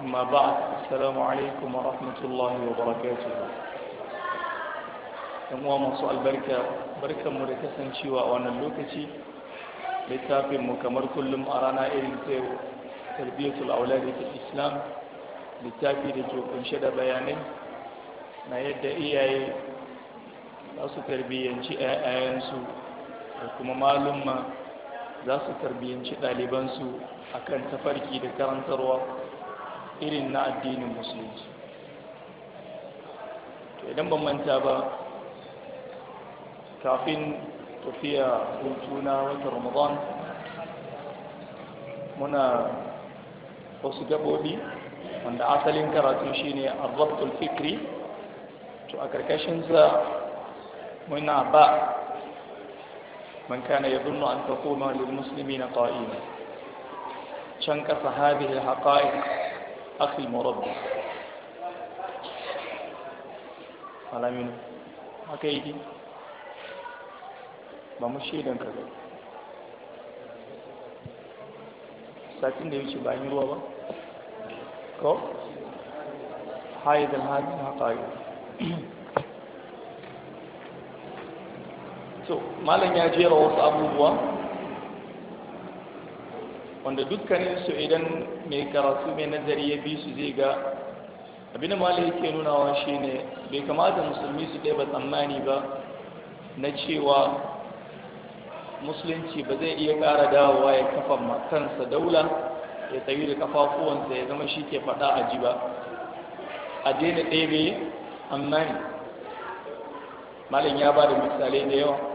أما بعد السلام عليكم ورحمة الله وبركاته ‘yan uwa masu albarka barkanmu da kasancewa a wannan lokaci Littafinmu kamar kullum a rana irin ta yau tarbiyyatul islam littafi da ke kunshe da bayanai na yadda iyaye za su tarbiyyanci 'ya'yansu da kuma malumma za su tarbiyyanci ɗalibansu akan tafarki da karantarwa irin na addinin musulunci to idan ban manta ba kafin tafiya hutuna na watan ramadan muna wasu gabobi wanda asalin karatu shi shine arzatul fikri to a karkashinsa muna ba من كان يظن أن تقوم للمسلمين قائما شنك هذه الحقائق أخي المربى على منه haka yi ba mu shaidan ka ba satin da yake yi ruwa ba ko haidar hajji na ƙari so malam ya jera wasu abubuwa wanda dukkaninsu idan mai karatu mai nazari ya bi su zai ga abin da malai yake nunawa shi ne bai kamata musulmi su ɗaya ba tsammani ba na cewa musulunci ba zai iya ƙara dawowa ya kafa kansa daula ya tsayi da kafafuwansa ya zama shi ke faɗa a ji ba a daina ɗaya bai tsammani malam ya ba da misalai da yawa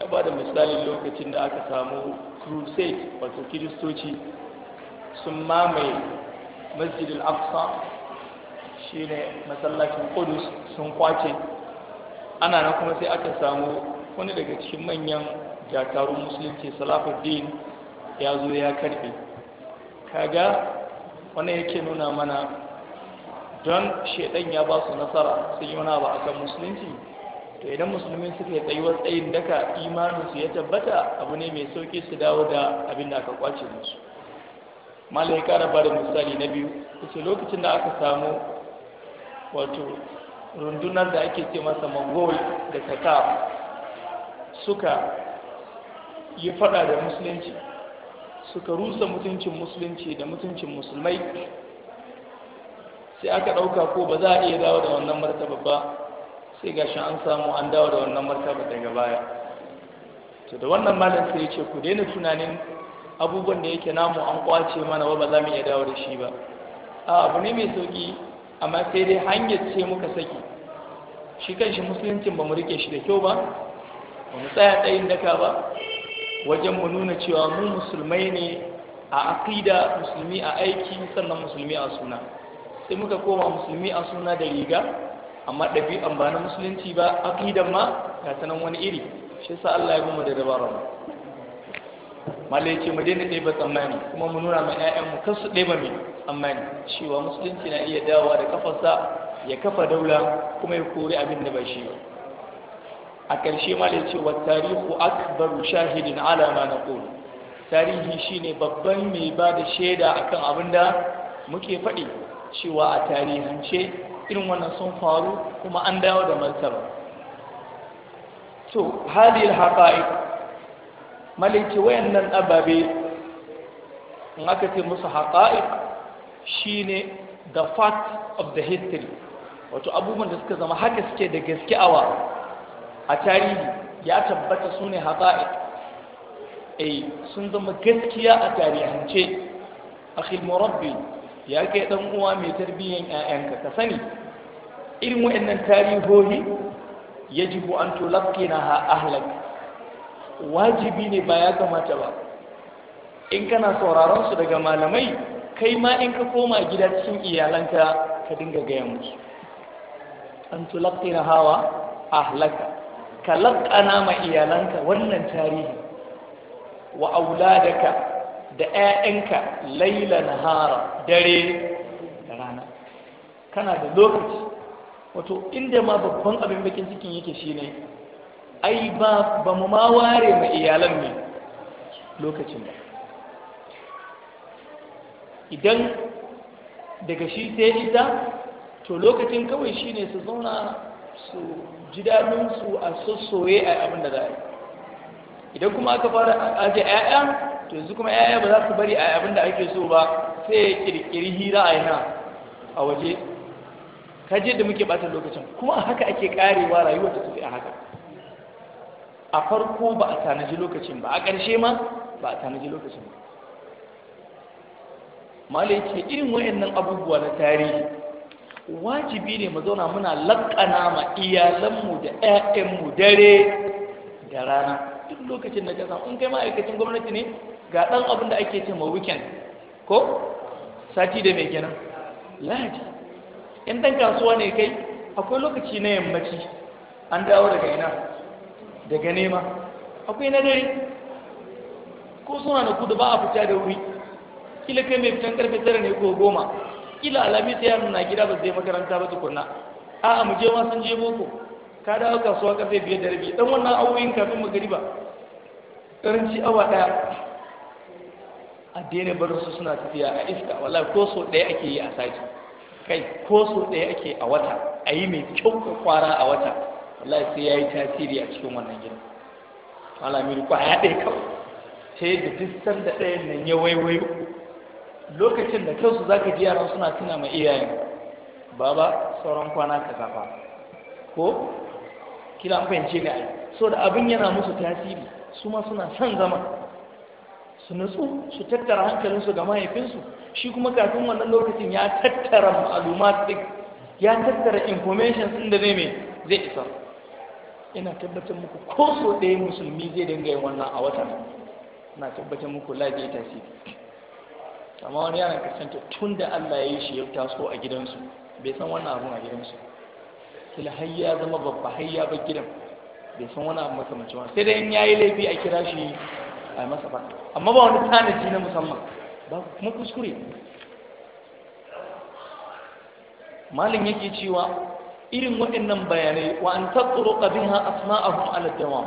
ya ba da misali lokacin da aka samu crusade wato kiristoci sun mamaye masjid al-aqsa shine masallacin kudus sun kwace ana nan kuma sai aka samu wani daga cikin manyan jakarun musulunci din ya zo ya karbe kaga wani yake nuna mana don shaidan ya ba su nasara sun yi wani abu akan musulunci to idan musulmi suka yi tsayuwar tsayin daka imaninsu ya tabbata abu ne mai sauki su dawo da abin da aka kwace musu mala ya kara bada misali na biyu kusa lokacin da aka samu wato rundunar da ake ce masa mongol da taka suka yi fada da musulunci suka rusa mutuncin musulunci da mutuncin musulmai sai aka ɗauka ko ba za a iya dawo da wannan martaba ba sai gashi an samu an dawo da wannan martaba daga baya to da wannan malam sai ya ce ku daina tunanin abubuwan da yake namu an kwace mana wa ba za mu iya dawo da shi ba a abu ne mai sauki amma sai dai hanyar ce muka saki shi kanshi musuluncin ba mu rike shi da kyau ba ba mu tsaya ɗayin daka ba wajen mu nuna cewa mu musulmai ne a aƙida musulmi a aiki sannan musulmi a suna sai muka koma musulmi a suna da riga amma ɗabi'an ba na musulunci ba aƙidan ma ga sanan wani iri shi sa Allah ya bamu da dabara malai ce mu daina ɗeba tsammani kuma mu nuna ma 'ya'yanmu kan su ɗeba mai tsammani cewa musulunci na iya dawowa da kafarsa ya kafa daula kuma ya kori abin da ba shi ba a ƙarshe malai ce wa tarihu akbaru shahidin ala ma naqul tarihi shine babban mai ba da shaida akan abin da muke faɗi cewa a tarihance irin wannan sun faru kuma an dawo da martaba to hali haƙa'i maliki wayannan ababe in aka ce musu haƙa'i shine the fact of the history wato abubuwan da suka zama haka suke da gaske awa a tarihi ya tabbata su ne haƙa'i eh, sun zama gaskiya a tarihance a khilmurabbi ya kai dan uwa mai tarbiyyar 'ya'yanka, ka sani irin waɗannan tarihohi yajibu an ha ahlak wajibi ne ba ya kamata ba in kana sauraron su daga malamai kai ma in ka koma gida cikin iyalanka ka dinga gaya musu an tulaqqina hawa ahlaka ka laqqana ma iyalanka wannan tarihi wa auladaka da 'ya'yanka laila nahara dare da rana kana da lokaci wato inda ma babban abin bakin cikin yake shine ai ba ba mu ma ware ma iyalan ne lokacin ba idan daga shi sai ita to lokacin kawai shine su zauna su ji daɗinsu a sassoye a abin da za a yi idan kuma aka fara ajiye 'ya'ya to yanzu kuma yaya ba za su bari a abin da ake so ba sai ya kirkiri hira a yana a waje kaje da muke bata lokacin kuma a haka ake karewa rayuwar ta tafi a haka a farko ba a tanaji lokacin ba a ƙarshe ma ba a tanaji lokacin ba mala yake irin wayannan abubuwa na tarihi wajibi ne mu zauna muna lakana ma iyalanmu da 'ya'yanmu dare da rana duk lokacin da ka samu in kai ma'aikacin gwamnati ne ga ɗan abin da ake ce ma weekend ko sati da mai kenan lahadi in ɗan kasuwa ne kai akwai lokaci na yammaci an dawo daga ina daga nema akwai na dare ko suna na kudu ba a fita da wuri kila kai mai fitan karfe tara ne ko goma kila alami ta yaron na gida ba zai makaranta ba tukunna A'a mu je ma sun je boko ka dawo kasuwa karfe biyar da rabi dan wannan awoyin kafin magariba karanci awa daya a daina suna tafiya a iska wala ko so ɗaya ake yi a sati kai ko so ɗaya ake a wata a yi mai kyau ko kwara a wata wala sai ya yi tasiri a cikin wannan gida wala ko a ya ɗaya kawai ta da duk sanda ɗaya nan ya waiwayo lokacin da kansu za ka ji yaran suna tuna ma iyayen baba sauran kwana ka zafa. ko kila an fahimce ne so da abin yana musu tasiri su ma suna son zama su nutsu su tattara hankalinsu ga mahaifinsu shi kuma kafin wannan lokacin ya tattara ma'alumatik ya tattara information sun da zai mai zai isa ina tabbatar muku ko so ɗaya musulmi zai dinga yin wannan a wata na tabbatar muku lafiya tasiri amma wani yana kasance tun da Allah ya yi shi ya taso a gidansu bai san wannan abun a gidansu kila har ya zama babba har ya bar gidan bai san wani abu makamancin wani sai dai in ya yi laifi a kira shi a masa ba amma ba wani tanaji na musamman ba kuma kuskure malin yake cewa irin waɗannan bayanai wa an tattaro ƙabin ha asma'ahum ala dawam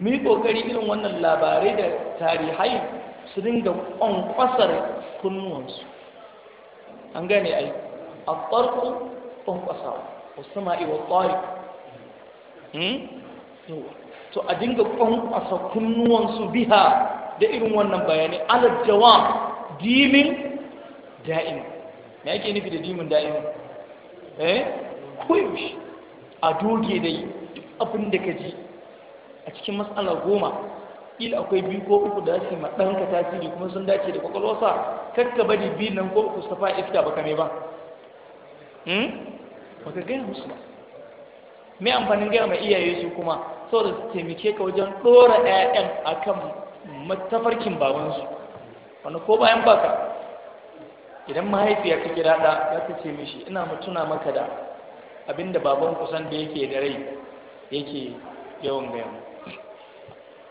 mu yi ƙoƙari irin wannan labarai da tarihai su dinga ƙwanƙwasar kunnuwansu an gane ai a farko ƙwanƙwasawa wasu ma'iwa wa tsari to a dinga kwankwasa kunnuwansu biha da irin wannan bayanai alal jawab dimin da'im me ake nufi da dimin da'im eh koyaushe a doge dai duk abin da ka ji a cikin matsala goma il akwai biyu ko uku da su ma ɗanka tasiri kuma sun dace da kwakwalwarsa kakka bari biyu nan ko uku su fa'a ifta baka mai ba hmm? baka gaya musu ba mai amfanin gaya mai iyaye su kuma saboda su taimake ka wajen ɗora ɗayan kan matafarkin babansu wani ko bayan baka idan mahaifiya ta kira ɗa ya ta ce mishi ina mutuna maka da abinda baban kusan da yake da rai yake yawan gaya mu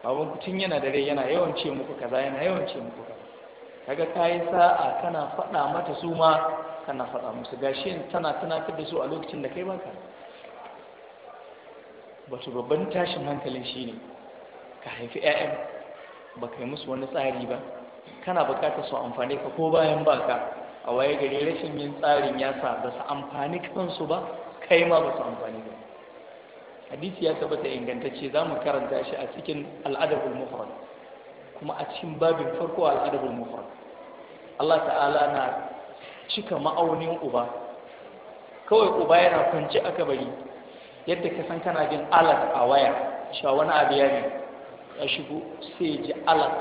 baban kutun yana da rai yana yawan ce muku kaza yana yawan ce muku kaza kaga ka yi sa'a kana faɗa mata su ma kana faɗa musu gashi tana tunatar da su a lokacin da kai baka wato babban tashin hankalin ne. ka haifi 'ya'yan ba ka yi musu wani tsari ba kana bukatar su amfani ka ko bayan baka a waye gari rashin yin tsarin ya sa ba su amfani kansu ba kai ma ba su amfani ba hadisi ya tabbata ingantacce za mu karanta shi a cikin al'adabul mufrad kuma a cikin babin farko al'adabul mufrad Allah ta'ala na cika ma'aunin uba kawai uba yana kwanci aka bari yadda ka san kana jin alat a waya cewa wani abu ya ne ya shigo sai ya ji alat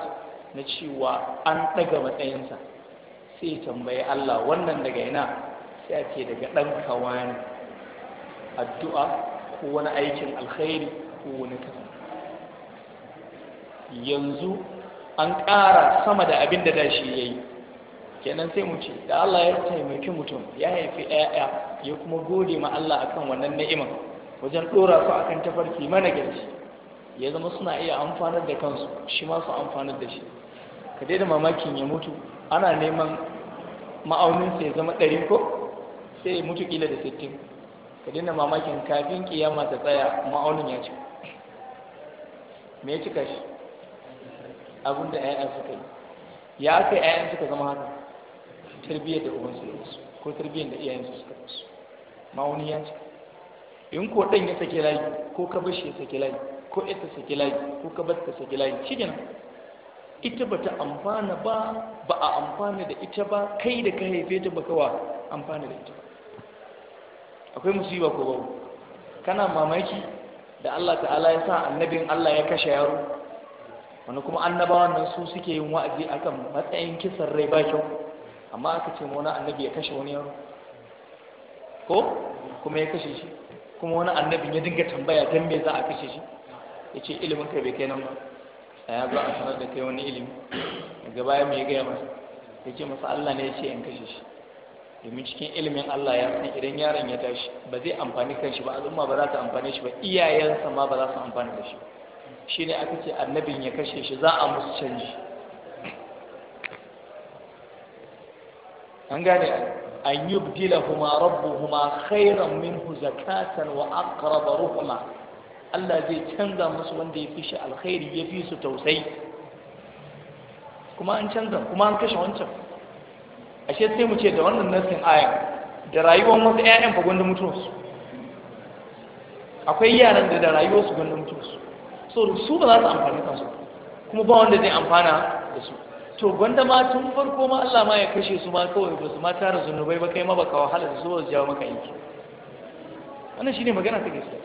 na cewa an ɗaga matsayinsa sai ya tambayi Allah wannan daga yana sai ake daga ɗan kawani addu'a ko wani aikin alkhairi ko wani kasa yanzu an ƙara sama da abin da dashi ya yi kenan sai mu ce da Allah ya taimaki mutum ya haifi 'ya'ya ya kuma gode ma Allah akan wannan ni'imar wajen ɗora su akan tafarki mana gaci ya zama suna iya amfanar da kansu shi ma su amfanar da shi ka daina mamakin ya mutu ana neman ma'auninsa ya zama ɗari ko sai ya mutu kila da sittin ka daina mamakin kafin kiyama ta tsaya ma'aunin ya cika me ya cika shi abin da ‘ya'yan suka yi ya aka ‘ya'yan suka zama haka tarbiyyar da ubansu ko tarbiyyar da iyayensu suka wasu ma'aunin ya cika in ko ɗan ya sake layi ko ka bashi ya sake layi ko ita sake layi ko ka bar ta sake layi shi ita bata amfana ba ba a amfana da ita ba kai da ka haife ta baka wa amfana da ita akwai musiba ko ba kana mamaki da Allah ta'ala ya sa annabin Allah ya kashe yaro wani kuma annabawan nan su suke yin wa'azi akan matsayin kisan rai ba kyau amma aka ce wani annabi ya kashe wani yaro ko kuma ya kashe shi kuma wani annabi ya dinga tambaya don me za a kashe shi ya ce ilimin kai bai kai nan ba a ya zo a sanar da kai wani ilimi daga baya mai gaya masa ya ce masa Allah ne ya ce in kashe shi domin cikin ilimin Allah ya san idan yaron ya tashi ba zai amfani kanshi ba al'umma ba za ta amfani shi ba iyayensa ma ba za su amfani da shi shi ne aka ce annabin ya kashe shi za a musu canji an gane an rabbu huma khairan minhu zakatan wa aqrab ruhma Allah zai canza musu wanda ya fi shi alkhairi ya fi su tausayi kuma an canza kuma an kashe wancan ashe sai mu ce da wannan nasin ayan da rayuwar wasu 'ya'yan fa gwanda mutuwarsu akwai yaran da da su gwanda mutuwarsu so su ba za su amfani kansu kuma ba wanda zai amfana da su to gwanda ma tun farko ma Allah ma ya kashe su ma kawai ba su ma tara zunubai ba kai ma baka wahala da su su jawo maka yanki wannan shine magana ta gaskiya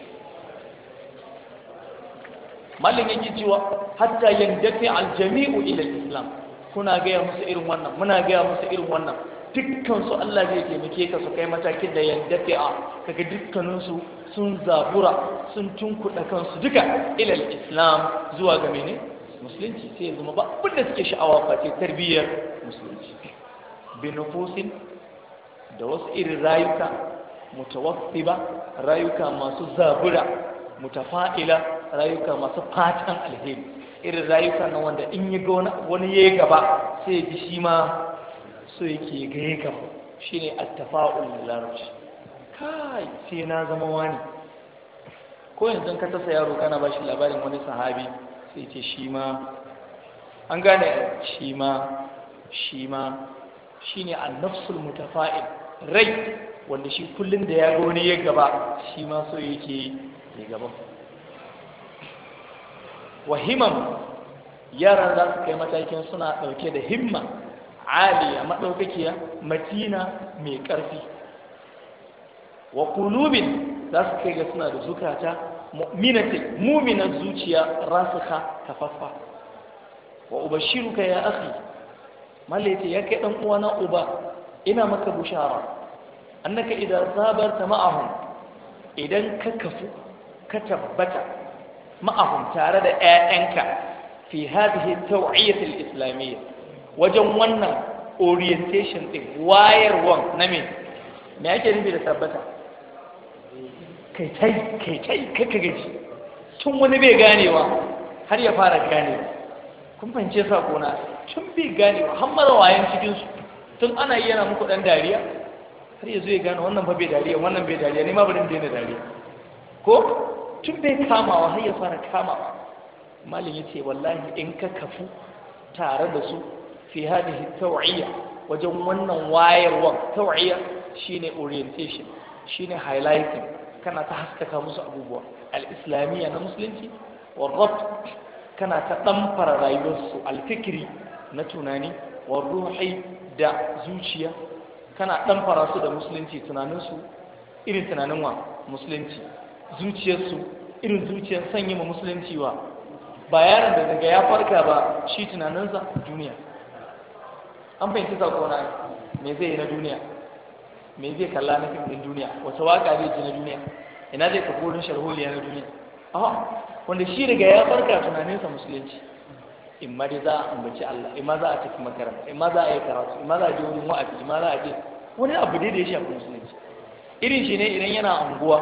mallin yake cewa hatta yandafi aljami'u ila islam kuna gaya musu irin wannan muna gaya musu irin wannan dukkan su Allah zai taimake ka su kai matakin da yandafi a kaga dukkanin su sun zabura sun tunkuɗa kansu duka ilal islam zuwa ga menene musulunci sai zama ba abin da suke sha'awa ce tarbiyyar musulunci binufusin da wasu irin rayuka ba rayuka masu zabura mutafa'ila rayuka masu fatan alheri irin rayuka na wanda in yi ga wani ya gaba sai ya shi ma so yake ga ya gaba Shi shine attafa'ul da larabci kai sai na zama wani ko yanzu ka tasa yaro kana ba shi labarin wani sahabi sai ce shi ma an gane shi ma shi ma shi ne annafsul mutafa'il rai wanda shi kullum da ya wani ya gaba shi ma so yake ya gaba wahiman yaran za su kai matakin suna ɗauke da himma aliya maɗaukakiya matina mai ƙarfi wa kulubin za su kai ga suna da zukata mu'minatin mu'minan zuciya rasuka tafaffa wa ubashiruka ya akhi malaita ya kai dan uwana uba ina maka bushara annaka idan sabarta ma'ahum idan ka kafu ka tabbata ma'ahum tare da ƴaƴanka fi hadhihi taw'iyat al-islamiyya wajen wannan orientation din wayarwan na me me ake nufi da tabbata kai tai kai tai kaka gaji tun wani bai ganewa har ya fara ganewa kun fahimce sakona tun bai ganewa har mara wayan cikinsu tun ana yi yana muku ɗan dariya har yanzu ya gane wannan fa bai dariya wannan bai dariya ne ma bari mu daina dariya ko tun bai kamawa har ya fara kamawa malam ya ce wallahi in ka kafu tare da su fi hadihi tawiya wajen wannan wayarwa tawiya shine orientation shine highlighting kana ta haskaka musu abubuwa al'islamiyya na musulunci warrabt kana ta ɗanfara rayuwarsu alfikiri na tunani Warruhai da zuciya kana ɗanfara su da musulunci tunaninsu irin tunanin wa musulunci zuciyarsu irin zuciyar sanyi ma musulunci wa ba yaron da daga ya farka ba shi tunaninsa duniya an fahimci sako na me zai yi na duniya me zai kalla na fim din duniya wata waka zai ji na duniya ina zai ka kodin sharholiya na duniya a wanda shi daga ya farka tunaninsa musulunci in ma za a ambaci Allah in ma za a tafi makaranta in ma za a yi karatu in ma za a je wurin wa'azi in ma za a je wani abu dai da ya shafi musulunci irin shi ne idan yana anguwa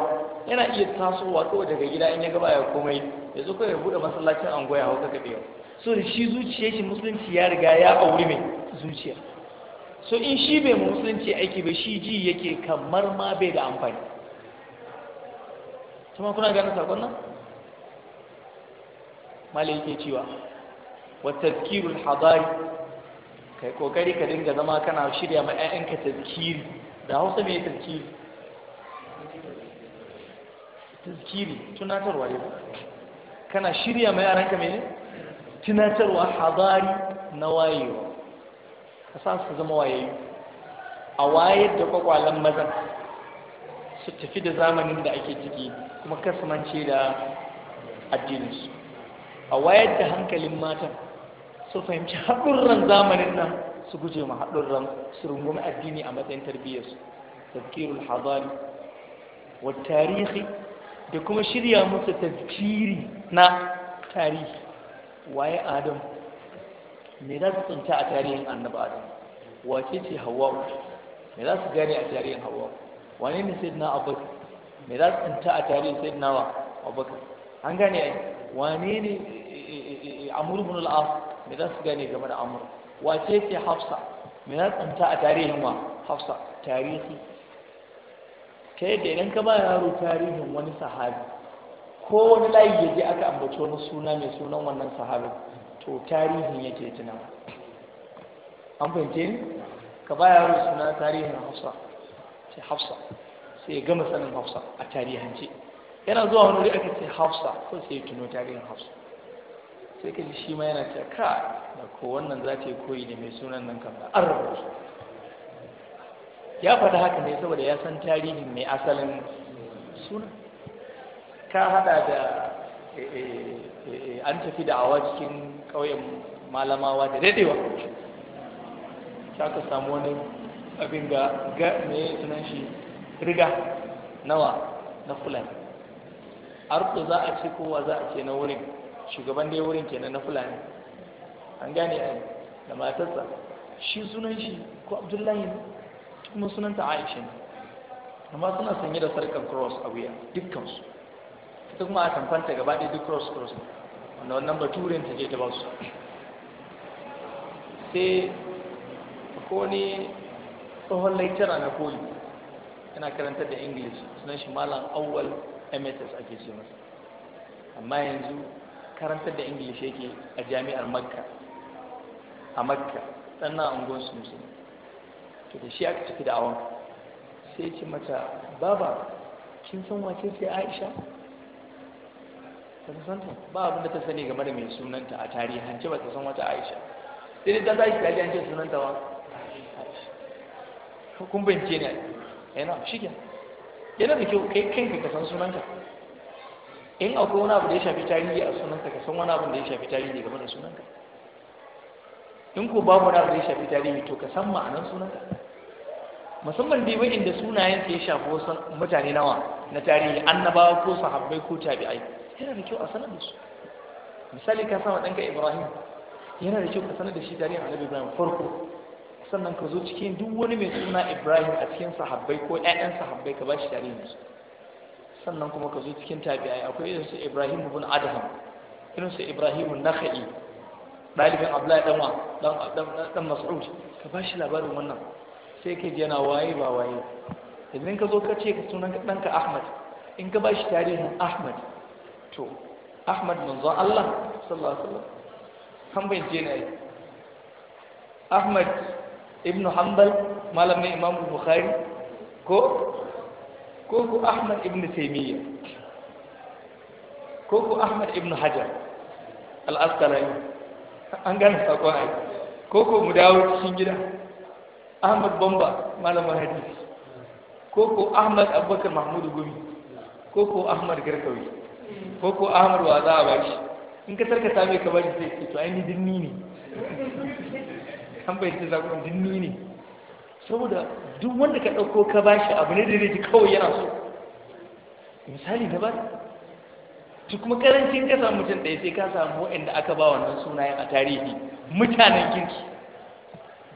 yana iya tasowa kawai daga gida in ya gaba ya komai ya zo kawai ya buɗe masallacin anguwa ya hau kaka ɗaya so da shi zuciya shi musulunci ya riga ya auri mai zuciya so in shi bai musulunci aiki ba shi ji yake kamar ma bai da amfani kuma kuna gane sakon nan malai yake cewa wa tazkirul hadari kai kokari ka dinga zama kana shirya ma 'ya'yanka tazkiri da hausa mai tazkiri tazkiri tunatarwa ne kana shirya ma yaranka mai tunatarwa hadari na wayewa ka sa su zama waye a wayar da kwakwalen mazan su tafi da zamanin da ake ciki kuma kasmance da addininsu a wayar da hankalin matan su fahimci haɗurran zamanin nan su guje ma haɗurran su rungumi addini a matsayin tarbiyyarsu tafkirul hadari wa tarihi da kuma shirya musu tafkiri na tarihi waye adam me za su tsinta a tarihin annaba adam wace ce hawa me za su gane a tarihin hawa wane ne sai na abubakar me za su tsinta a tarihin sai na abubakar an gane ai wane ne eh, eh, eh, amur ibn al me za su gane game da amur wace ce hafsa me za su tsinta a tarihin wa hafsa tarihi ta yadda idan ka ba yaro tarihin wani sahabi ko wani layi ya je aka ambaci wani suna mai sunan wannan sahabin to tarihin yake tuna an fahimce ni ka ba yaro suna tarihin hafsa sai hafsa sai gama sanin hafsa a tarihance yana zuwa wani wuri aka ce hafsa ko sai tuno tarihin hafsa sai ka shi ma yana ce ka da ko wannan za ta yi koyi da mai sunan nan kan da an ya faɗa haka ne saboda ya san tarihin mai asalin suna ka haɗa da eh, eh, eh, an tafi da awa cikin Kauyen malamawa da daidaiwa aka samu wani abin ga ga me sunan shi riga nawa na fulani arko za a ce kowa za a ce na wurin shugaban dai wurin kenan na fulani an gane ai da matarsa shi sunan shi ko abdullahi kuma sunanta aisha ne amma suna sanye da sarkar cross a wuya dukkansu ita kuma a kamfanta gaba ɗaya duk cross cross ne na wannan baturin ta je ta ba su sai ko ne tsohon laitara na koli yana karantar da english sunan shi malam awwal mss ake ce masa amma yanzu karantar da english yake a jami'ar makka a makka sannan unguwar su musu to da shi aka tafi da awon sai ce mata baba kin san wace sai aisha ba ta san ta ba abin da ta sani game da mai sunanta a Hanci ba ta san wata aisha sai ta tashi ta ji an ce sunanta ba kun bince ne eh, yana shige yana da kyau kai kan ka san sunanta. in akwai wani abu da ya shafi tarihi a sunanta ka san wani abu da ya shafi tarihi game da sunanta in ko babu wani abu da ya shafi tarihi to ka san ma'anar sunanta. musamman dai da sunayen ya shafi wasu mutane nawa na tarihi annabawa ko sahabbai ko tabi'ai yana da kyau a sanar da su misali ka sama ɗanka ibrahim yana da kyau ka sanar da shi tarihin annabi ibrahim farko sannan ka zo cikin duk wani mai suna ibrahim a cikin sahabbai ko 'ya'yan sahabbai ka ba shi tarihin su sannan kuma ka zo cikin tabi'ai akwai irin su ibrahim ibn adham irin su ibrahim nakhai dalibin abdullahi dan wa dan dan mas'ud ka ba shi labarin wannan sai ka ji yana waye ba waye idan ka zo ka ce ka sunan ɗanka ahmad in ka ba shi tarihin ahmad to ahmad manzo Allah sallallahu alaihi wasallam hanbal je ne ahmad ibnu hanbal malamin imam bukhari ko ko ku ahmad ibnu taymiya ko ku ahmad ibnu hajar al-asqalani an gane sakon ai ko ko mu dawo cikin gida ahmad bamba malamin hadisi ko ko ahmad abubakar mahmudu gumi ko ko ahmad garkawi ko ko ahmad wa za a ba shi in ka tarkata mai ka bari sai ce to ainihin dinni ne an bai ta zakon dinni ne saboda duk wanda ka ɗauko ka ba shi abu ne da zai kawai yana so misali na ba to kuma karancin ka samu mutum ɗaya sai ka samu waɗanda aka ba wannan sunayen a tarihi mutanen kirki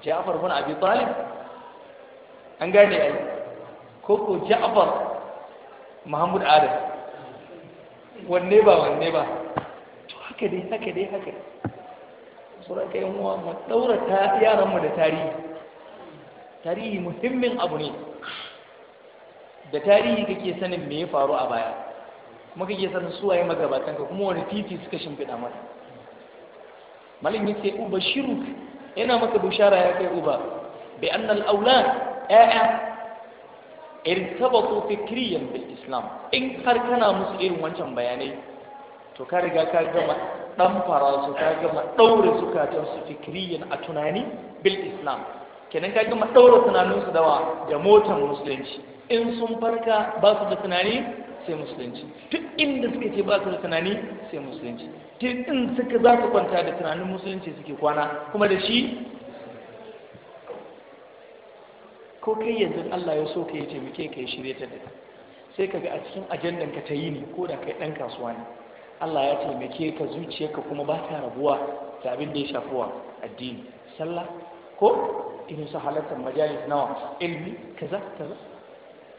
ja'far bin abi talib an gane ai ko ko ja'far Muhammadu adam wanne ba wanne ba to haka dai haka dai haka sauran kayan uwa mu daura yaranmu da tarihi tarihi muhimmin abu ne da tarihi kake sanin me ya faru a baya kuma kake sanin su waye magabatan ka kuma wani titi suka shimfiɗa mata malin sai, uba shiru. yana maka bushara, ya kai uba bi annal al-awlad irtabatu fikriyan bil islam in kar kana musu irin wancan bayanai to ka riga ka gama dan fara su ka gama daure ta su fikriyan a tunani bil islam kenan ka gama daure tunanin su dawa da motan musulunci in sun farka ba su da tunani sai musulunci duk inda suka ce ba su da tunani sai musulunci duk in suka za su kwanta da tunanin musulunci suke kwana kuma da shi ko kai yanzu Allah ya so ka ya taimake ka ya shirye ta da sai ka ga a cikin ajandan ka ta yi ne ko da kai ɗan kasuwa ne Allah ya taimake ka ka kuma ba ta rabuwa da abin da ya shafi wa addini sallah ko irin su halartar majalis nawa ilmi kaza kaza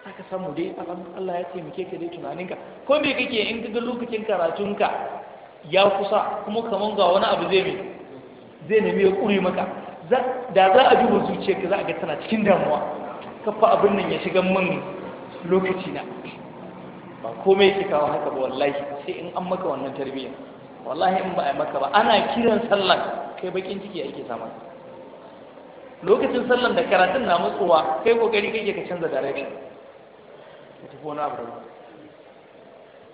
aka samu dai Allah ya taimake ka dai tunaninka ko me kake in ka ga lokacin karatunka ya kusa kuma kaman ga wani abu zai zai nemi ya ƙure maka da za a duba zuciyarka za a ga tana cikin damuwa kafa abin nan ya shiga min lokaci na ba komai yake kawo haka ba wallahi sai in an maka wannan tarbiyya wallahi in ba a maka ba ana kiran sallah kai bakin ciki ake sama lokacin sallan da karatun na matsowa kai kokari kake ka canza direction ka tafi wani abu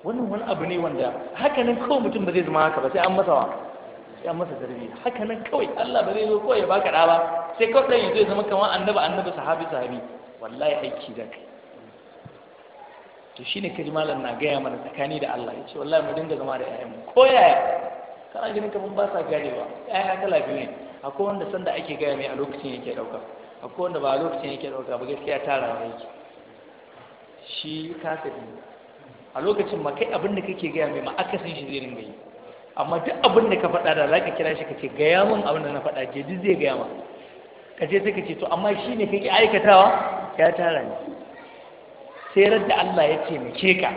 wannan wani abu ne wanda haka nan kawai mutum ba zai zama haka ba sai an masa wa ya masa zarbi haka nan kawai Allah ba zai zo kawai ya baka da ba sai kawai dan yanzu ya zama kamar annabi annabi sahabi sahabi wallahi aiki da kai to shine kaji malam na gaya mana tsakani da Allah yace wallahi mu dinga zama da ƴaƴan mu ko yaya kana ganin kaman ba sa ganewa ƴaƴa kala biyu ne akwai wanda sanda ake gaya mai a lokacin yake dauka akwai wanda ba a lokacin yake dauka ba gaskiya tara yake shi kasa a lokacin ma kai abin da kake gaya mai ma akasin shi zai ringa yi amma duk abin da ka faɗa da za ka kira shi ka ce gaya min abin da na faɗa je duk zai gaya ma ka ce sai ka ce to amma shi ne ka ƙi aikatawa ya tara ne. sai radda Allah ya taimake ka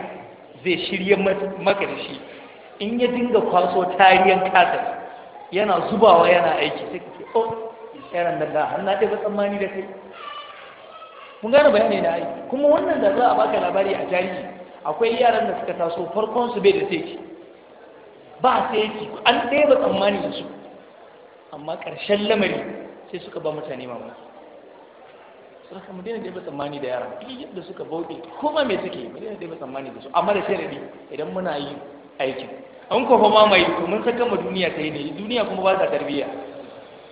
zai shirye maka da shi in ya dinga kwaso tariyan kasar yana zubawa yana aiki sai ka ce oh yaran da da har na ɗaya tsammani da kai mun gane bayani na aiki kuma wannan da za a baka labari a tarihi akwai yaran da suka taso farkon su bai da sai ba sai yake an ɗaya tsammani da su amma ƙarshen lamari sai suka ba mutane mamaki suna kama daina ɗaya tsammani da yara duk yadda suka bauɗe kuma me suke mu daina ɗaya tsammani da su amma da sharadi idan muna yi aikin an kofa ma mai to mun saka ma duniya ta yi ne duniya kuma ba ta tarbiyya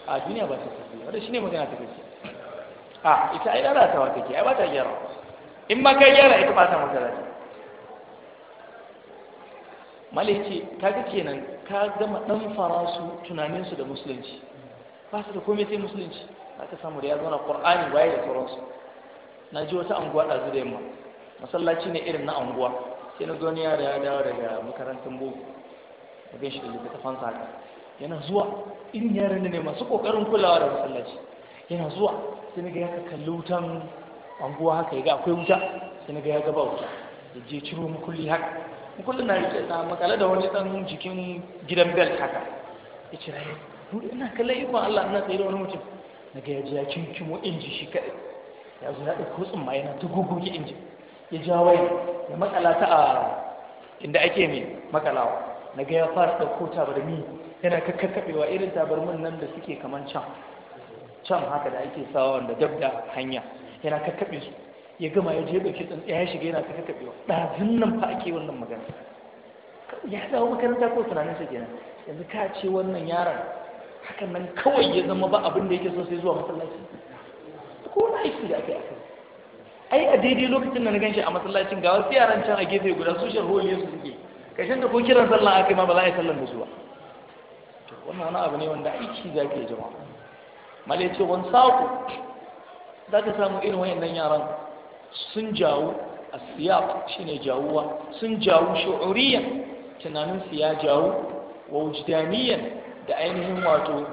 a duniya ba ta tarbiyya wanda shine magana ta gaske a ita ai wata ke ai ba ta gyara in ma kai gyara ita ba ta maka malaki kaga kenan ka gama dan farasu tunaninsu da musulunci ba su da komai sai musulunci ka samu da ya zauna qur'ani waye da sauransu na ji wata anguwa ɗazu da yamma masallaci ne irin na anguwa sai na zo yara ya dawo daga makarantar boko a gan shi da ta fansa haka yana zuwa irin yaran ne masu kokarin kulawa da masallaci yana zuwa sai na ga ya kalli wutan anguwa haka ya ga akwai wuta sai na ga ya gaba wuta ya je ciro makulli haka kullum na rike na makale da wani dan jikin gidan bel haka yace na yi ina kallon ikon Allah ina tsaye da wani mutum na ga yaji ya kinkimo inji shi kaɗai. ya zo ya ɗauko tsumma yana ta guguge inji ya ja wai ya makala ta a inda ake mai makalawa na ga ya fara ɗauko tabarmi yana kakkaɓewa irin tabarmin nan da suke kaman can can haka da ake sawa wanda dab da hanya yana kakkaɓe su ya gama ya je ɗauki tsantsiya ya shiga yana kaka kabewa Ɗazun nan fa ake wannan magana ya dawo makaranta ko tunaninsa kenan yanzu ka ce wannan yaron hakan nan kawai ya zama ba abin da yake so sai zuwa masallaci ko na aiki da aka yi ai a daidai lokacin da na ganshi a masallacin ga wasu yaran can a gefe guda su sharholi ne su suke kashin da ko kiran sallah aka yi ma ba za a yi sallan da zuwa to wannan wani abu ne wanda aiki za ka yi jama'a mala ya ce wani sako za ka samu irin wayannan yaran sun jawo a shi shine jawuwa sun jawo shu'uriyan tunaninsu ya jawo wa wujdaniyan da ainihin wato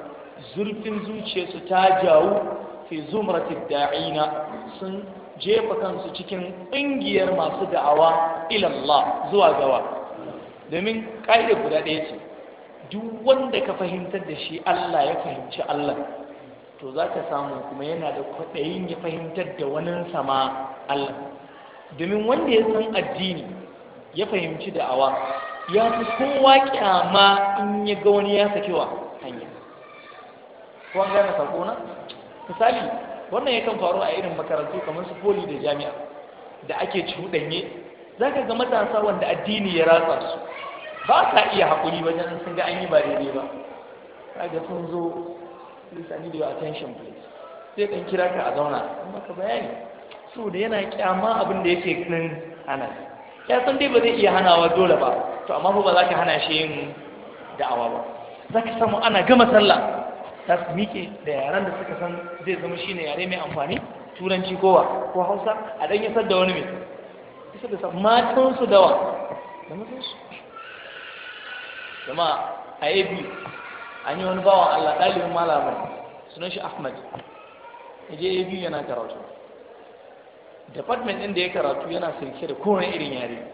zurfin zuciyarsu ta jawo fi zumratid da'ina sun jefa kansu cikin ƙungiyar masu da'awa ilallah zuwa gawa domin ƙa'idar guda ɗaya ce duk wanda ka fahimtar da shi Allah ya fahimci Allah to za ka samu kuma yana da kwaɗayin ya fahimtar da wani sama Allah domin wanda ya san addini ya fahimci da'awa ya fi kowa kyama in ya ga wani ya sakewa hanya Ko an gane sako na misali wannan ya kan faru a irin makarantu kamar su poli da jami'a da ake cuɗanye za ka ga matasa wanda addini ya ratsa su ba sa iya haƙuri wajen sun ga an yi ba daidai ba za ga sun zo lisa need attention please sai ɗan kira ka a zauna in baka bayani da yana kyama abin da yake nan hana ya san dai ba zai iya hanawa dole ba to amma ba za ka hana shi yin da'awa ba za ka samu ana gama sallah ta su miƙe da yaran da suka san zai zama shi ne yare mai amfani turanci kowa ko hausa a ɗan yasar da wani mai isa da su dawa da matansu jama'a a ab an yi wani bawan allah ɗalibin malamai sunan shi ahmad ya je ab yana karatu department ɗin da ya karatu yana sarki da kowane irin yare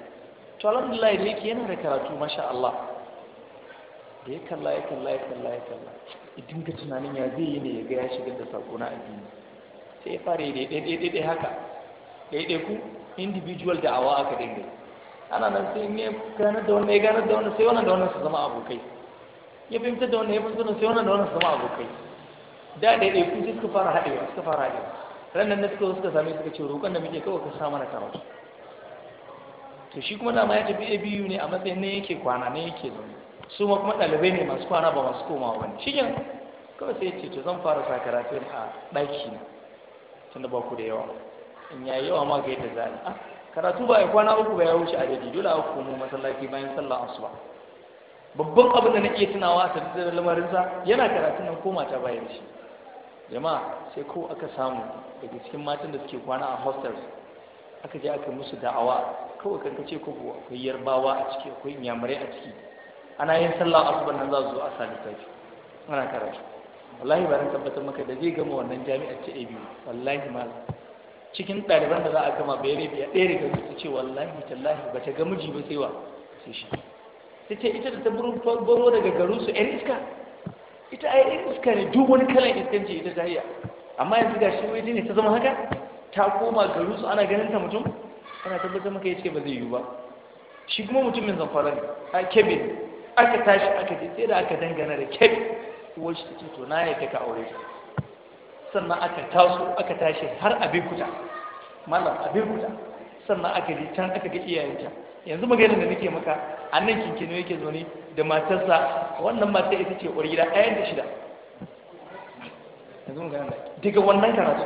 to alhamdulillah da yake yana da karatu masha Allah da ya kalla ya kalla ya kalla ya kalla idan ka tunanin ya zai yi ne ya ga ya shigar da sako na addini sai ya fara yi daidai-daidai haka Daidai ku individual da awa aka dinga ana nan sai ne ganar da wannan ya ganar da wannan sai wannan da wannan su zama abokai ya fahimtar da wannan ya fahimta da sai wannan da wannan su zama abokai da daidai ku sai suka fara haɗewa suka fara haɗewa ranar na suka suka same suka ce roƙon da muke kawai ka sa mana karatu to shi kuma dama ya tafi abu ne a matsayin ne yake kwana ne yake zama. su ma kuma ɗalibai ne masu kwana ba masu komawa ba ne shi kawai sai ce to zan fara sa karatu a ɗaki na tunda ba ku da yawa in ya yi yawa ma ga yadda za a ah, karatu ba ya kwana uku ba ya wuce a daji dole a komo masallaci bayan sallah asuba babban abin da na iya tunawa a lamarin sa yana karatun nan koma ta bayan shi jama'a sai ko aka samu daga cikin matan da suke kwana a hostels aka je aka musu da'awa kawai kan kace ko akwai yarbawa a ciki akwai inyamurai a ciki ana yin sallah asuba nan za su zo a sami tafi ana karatu wallahi ba ran tabbatar maka da zai gama wannan jami'ar ta biyu wallahi ma. cikin ɗaliban da za a gama bai rabi a ɗaya daga su ce wallahi tallahi ba ta ga miji ba sai wa sai shi sai ce ita da ta baro daga garinsu 'yan iska ita ai iska ne duk wani kalan iskanci ita zahiya amma yanzu ga shi wai ne ta zama haka ta koma garin su ana ganin ta mutum ana tabbatar maka yace ba zai yiwu ba shi kuma mutumin zamfara ne a kebe aka tashi aka ji sai da aka dangana da kebe uwar shi ce to na ya ka aure ta sannan aka taso aka tashi har abin kuta mallam abin kuta sannan aka ji can aka ga iyayenta yanzu maganin da nake maka annan kinkino yake zaune da matarsa wannan mata ita ce uwar gida ɗayan da shida daga wannan karatu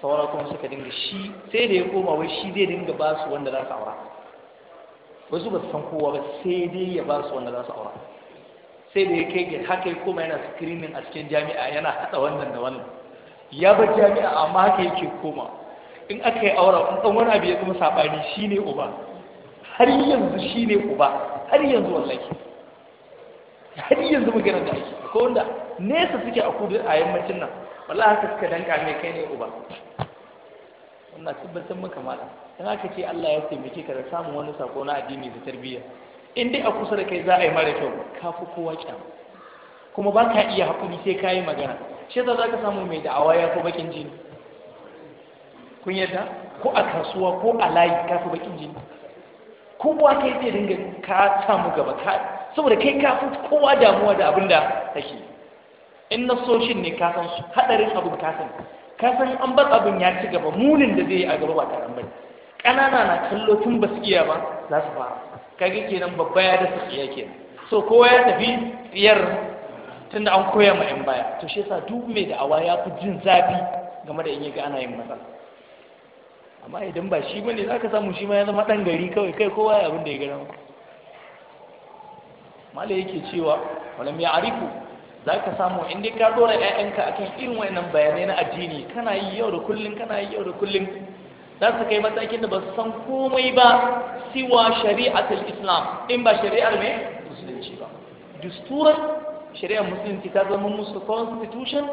saura kuma suka dinga shi sai da ya koma wai shi zai dinga ba su wanda za su aura wasu ba su san kowa ba sai dai ya ba su wanda za su aura sai da ya kai ga haka ya koma yana screening a cikin jami'a yana haɗa wannan da wannan ya bar jami'a amma haka yake koma in aka yi aura in ɗan wani abu ya kuma saɓani shi ne uba har yanzu shi ne uba har yanzu wallahi har yanzu maganar da ake ko wanda nesa suke a kudu a yammacin nan wallahi haka suka danka mai kai ne uba wannan tabbatar maka mala in aka ce Allah ya taimake ka da samun wani sako na addini da tarbiyya in dai a kusa da kai za a yi mara kyau ka fi kowa kyau kuma ba ka iya haƙuri sai ka yi magana shi za ka samu mai da'awa ya fi bakin jini kun yadda ko a kasuwa ko a layi ka fi bakin jini kowa kai zai dinga ka samu gaba ka saboda kai ka fi kowa damuwa da abin da take in na soshin ne ka san su hadarin abin ka san ka an bar abin ya ci gaba munin da zai yi a gaba ba taron bane ƙanana na kallo tun ba su iya ba za su fara kage kenan babba ya dasa tsiya kenan so kowa ya tafi tsiyar tun da an koya ma 'yan baya to shi yasa duk mai da'awa ya fi jin zafi game da in ya ga ana yin matsala amma idan ba shi bane za ka samu shi ma ya zama ɗan gari kawai kai kowa ya abin da ya gara mala yake cewa wala ya arifu za ka samu inda ka dora ‘ya'yanka akan irin wayannan bayanai na addini kana yi yau da kullum kana yi yau da kullum za su kai matakin da ba su san komai ba siwa shari'atul islam in ba shari'ar mai musulunci ba dusturan shari'ar musulunci ta zama musu constitution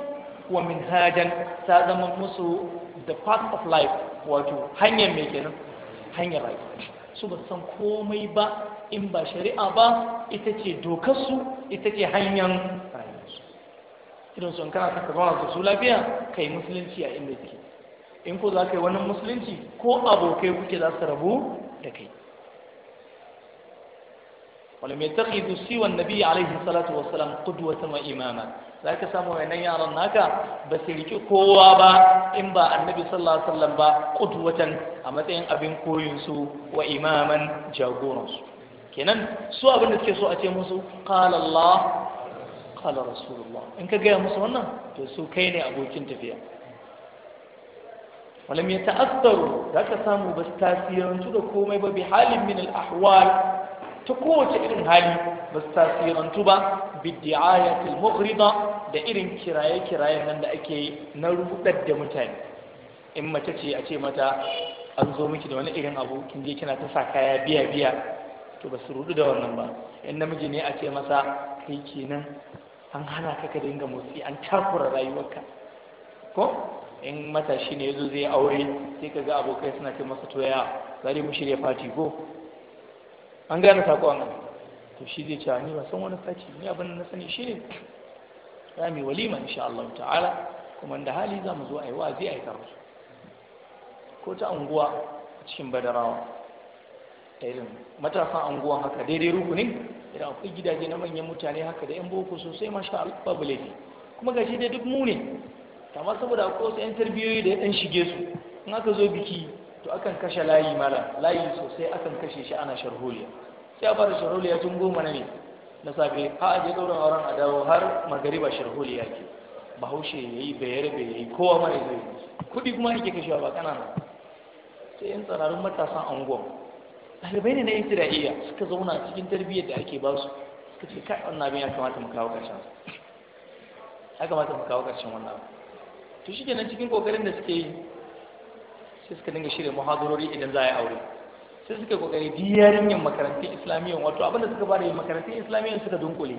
wa minhajan ta zama musu the path of life wato hanyar mai kenan hanyar rayu su ba san komai ba in ba shari'a ba ita ce dokarsu ita ce hanyar rayuwarsu idan sun kana ka zauna da su lafiya ka yi musulunci a inda ke in ko za ka yi wani musulunci ko abokai kuke za su rabu da kai ولم يتخذوا سوى النبي عليه الصلاة والسلام قدوة وإماما ذلك سامو أن يرى هناك بس يكوى با إن با النبي صلى الله عليه وسلم با قدوة أما تين أبن كوينسو وإماما جاوغونس كنن سوى أبن تكسو أتيمسو قال الله قال رسول الله إنك جاء مسوانا تسو كيني أبو تنتفيا ولم يتأثروا ذلك سامو بس تاسيرا تدكو ما بحال من الأحوال ta kowace irin hali ba su tasirantu ba bidiyaya mughrida da irin kiraye kiraye nan da ake na rudar da mutane in mace ce a ce mata an zo miki da wani irin abu kin je kina ta sa kaya biya biya to ba su rudu da wannan ba in namiji ne a ce masa kai kenan an hana ka ka dinga motsi an takura rayuwarka ko in matashi ne yazo zai aure sai kaga abokai suna ce masa to ya zare mu shirya fati ko an gane sako an to shi zai cewa ni ba san wani sace ni abin na sani shi ne za mu walima insha Allah ta'ala kuma da hali za mu zo a yi wa'azi a yi karatu ko ta anguwa a cikin badarawa da irin matasan anguwan haka daidai ne idan akwai gidaje na manyan mutane haka da yan boko sosai masha Allah babu laifi kuma gashi dai duk mu ne amma saboda akwai wasu yan tarbiyoyi da ya dan shige su in aka zo biki to akan kashe layi mala layi sosai akan kashe shi ana sharholiya sai a fara sharholiya tun goma na ne na safe a je ɗaurin auren a dawo har magariba sharholiya ke bahaushe ya yi bayar bai ya yi kowa mara zai kuɗi kuma ake kashewa ba ƙanana sai yan tsararin matasan angon ɗalibai ne na isra'iya suka zauna cikin tarbiyyar da ake ba su suka ce kai wannan abin ya kamata mu kawo ƙarshen ya kamata mu kawo ƙarshen wannan abu to shi kenan cikin ƙoƙarin da suke yi sai suka dinga shirya muhazurori idan za a yi aure sai suka kokari duk yarinyan makarantun islamiyyar wato abinda suka bada yin makarantun islamiyyar suka dunkule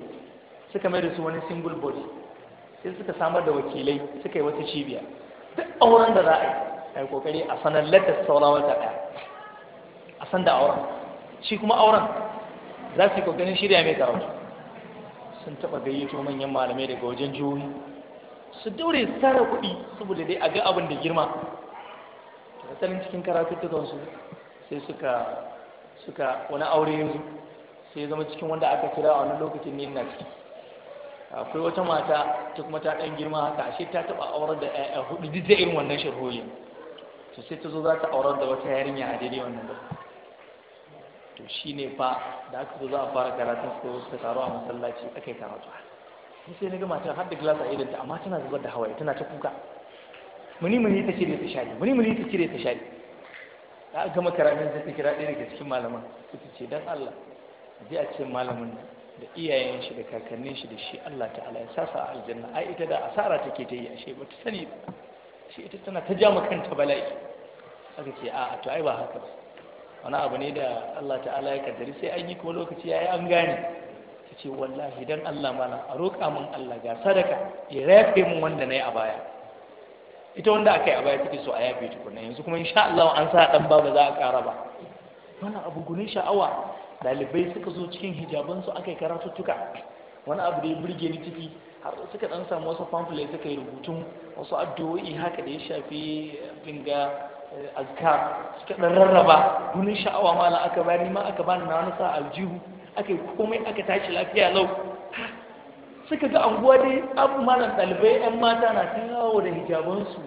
suka mai da su wani single body sai suka samar da wakilai suka yi wata cibiya duk auren da za a yi a yi kokari a sanar lattas saura wata ɗaya a san da auren shi kuma auren za su yi kokarin shirya mai taro sun taɓa gayyato manyan malamai daga wajen jihohi su daure tsara kuɗi saboda dai a ga abin da girma asalin cikin karatuttukansu sai suka suka wani aure yanzu sai zama cikin wanda aka kira a wani lokacin ne na ciki akwai wata mata ta kuma ta ɗan girma haka ashe ta taɓa auren da ƴaƴa hudu duk da irin wannan sharhoyin to sai ta zo za ta auren da wata yarinya a daidai wannan da to shine fa da aka zo za a fara karatun su ta taro a masallaci aka yi karatu sai na ga mata har da glass a idanta amma tana zubar da hawaye tana ta kuka muni muni ta cire ta share muni muni ta cire ta share da aka gama karamin sai ta kira ɗaya daga cikin malaman Ita ce dan Allah ji a ce malamin da iyayen shi da kakannin shi da shi Allah ta'ala ya sasa a aljanna ai ita da asara take ta yi ashe ba ta sani ba shi ita tana ta ja kanta bala'i aka ce a'a to ai ba haka ba wani abu ne da Allah ta'ala ya kaddari sai an yi kuma lokaci yayi an gane ta ce wallahi dan Allah mana a roƙa min Allah ga sadaka ya rafe min wanda nayi a baya ita wanda aka yi a baya take so a yafe tukunna yanzu kuma insha Allah an sa dan ba za a ƙara ba wannan abu gune sha'awa dalibai suka zo cikin su aka yi karatuttuka wani abu da ya burge ni ciki har suka dan samu wasu pamphlet suka yi rubutun wasu addu'o'i haka da ya shafi binga eh, azka suka dan rarraba Gurin sha'awa mala aka ma aka bani na wani sa aljihu aka yi komai aka tashi lafiya lau suka ga anguwa dai abu malam ɗalibai 'yan mata na ta yawo da hijabansu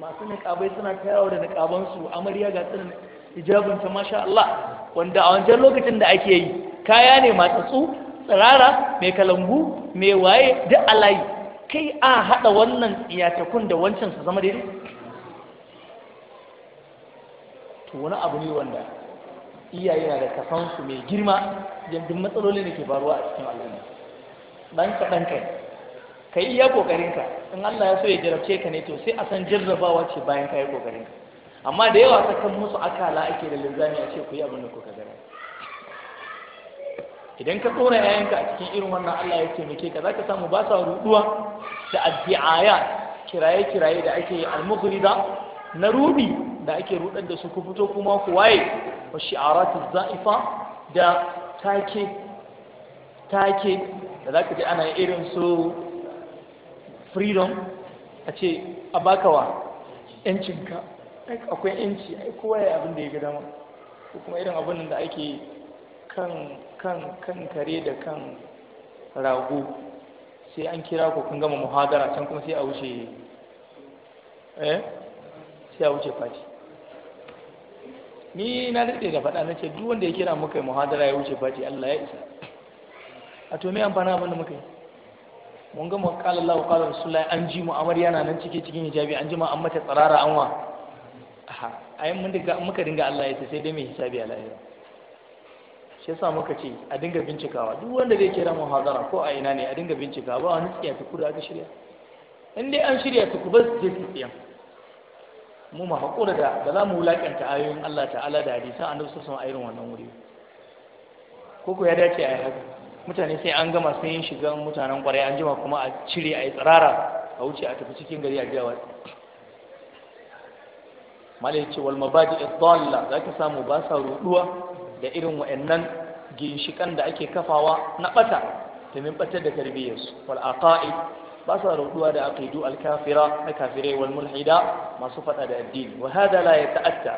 masu niƙabai suna ta yawo da niƙabansu amarya ga tsirin hijabinta masha Allah wanda a wancan lokacin da ake yi kaya ne tsu tsirara mai kalangu mai waye duk alayi kai a haɗa wannan iyatakun da wancan su zama daidai to wani abu ne wanda iyaye na da kasansu mai girma yadda matsaloli ne ke faruwa a cikin al'umma Ɗan kaɗan kai ka yi iya ƙoƙarinka in Allah ya so ya jarabce ka ne to sai a san jarrabawa ce bayan ka yi ƙoƙarinka amma da yawa ta kan musu akala ake da linzami a ce ku yi abin da ku ka gara idan ka tsora yayanka a cikin irin wannan Allah ya ce ke ka Za ka samu ba sa ruɗuwa da addu'aya kiraye kiraye da ake yi mughrida na rubi da ake rudar da su ku fito kuma ku waye wa shi'aratu za'ifa da take take da za ka ji ana irin su freedom a ce a bakawa yancinka akwai yanci ai kowa ya abin da ya ga dama ko kuma irin abin da ake kan kan kan kare da kan rago sai an kira ku kun gama muhadara can kuma sai a wuce eh sai a wuce fati ni na daɗe da faɗa na ce duk wanda ya kira muka muhadara ya wuce fati Allah ya isa a to me amfana abin da muka yi mun ga mu qala Allah wa Rasulullahi an ji mu amar na nan cike cikin hijabi an ji mu an mata tsarara anwa. A aha ayi mun dinga muka dinga Allah ya sai dai mai hijabi a lahira shi yasa muka ce a dinga bincikawa duk wanda zai kira mu hazara ko a ina ne a dinga bincikawa ba wani tsiya tuku da aka shirya in dai an shirya tuku ba su je su tsiya mu ma haƙura da ba za mu wulaƙanta ayoyin Allah ta'ala da hadisan annabi sallallahu alaihi wasallam a irin wannan wuri ko ko ya dace a yi haka mutane sai an gama sai yin shiga mutanen kwarai an jima kuma a cire a yi tsirara a wuce a tafi cikin gari a biya malai ce wal mabadi idalla za ka samu ba sa ruduwa da irin wa'annan ginshikan da ake kafawa na bata ta min batar da tarbiyyarsu wal aqaid ba sa ruduwa da aqidu al kafira na kafirai wal mulhida masu faɗa da addini wa hada la yata'atta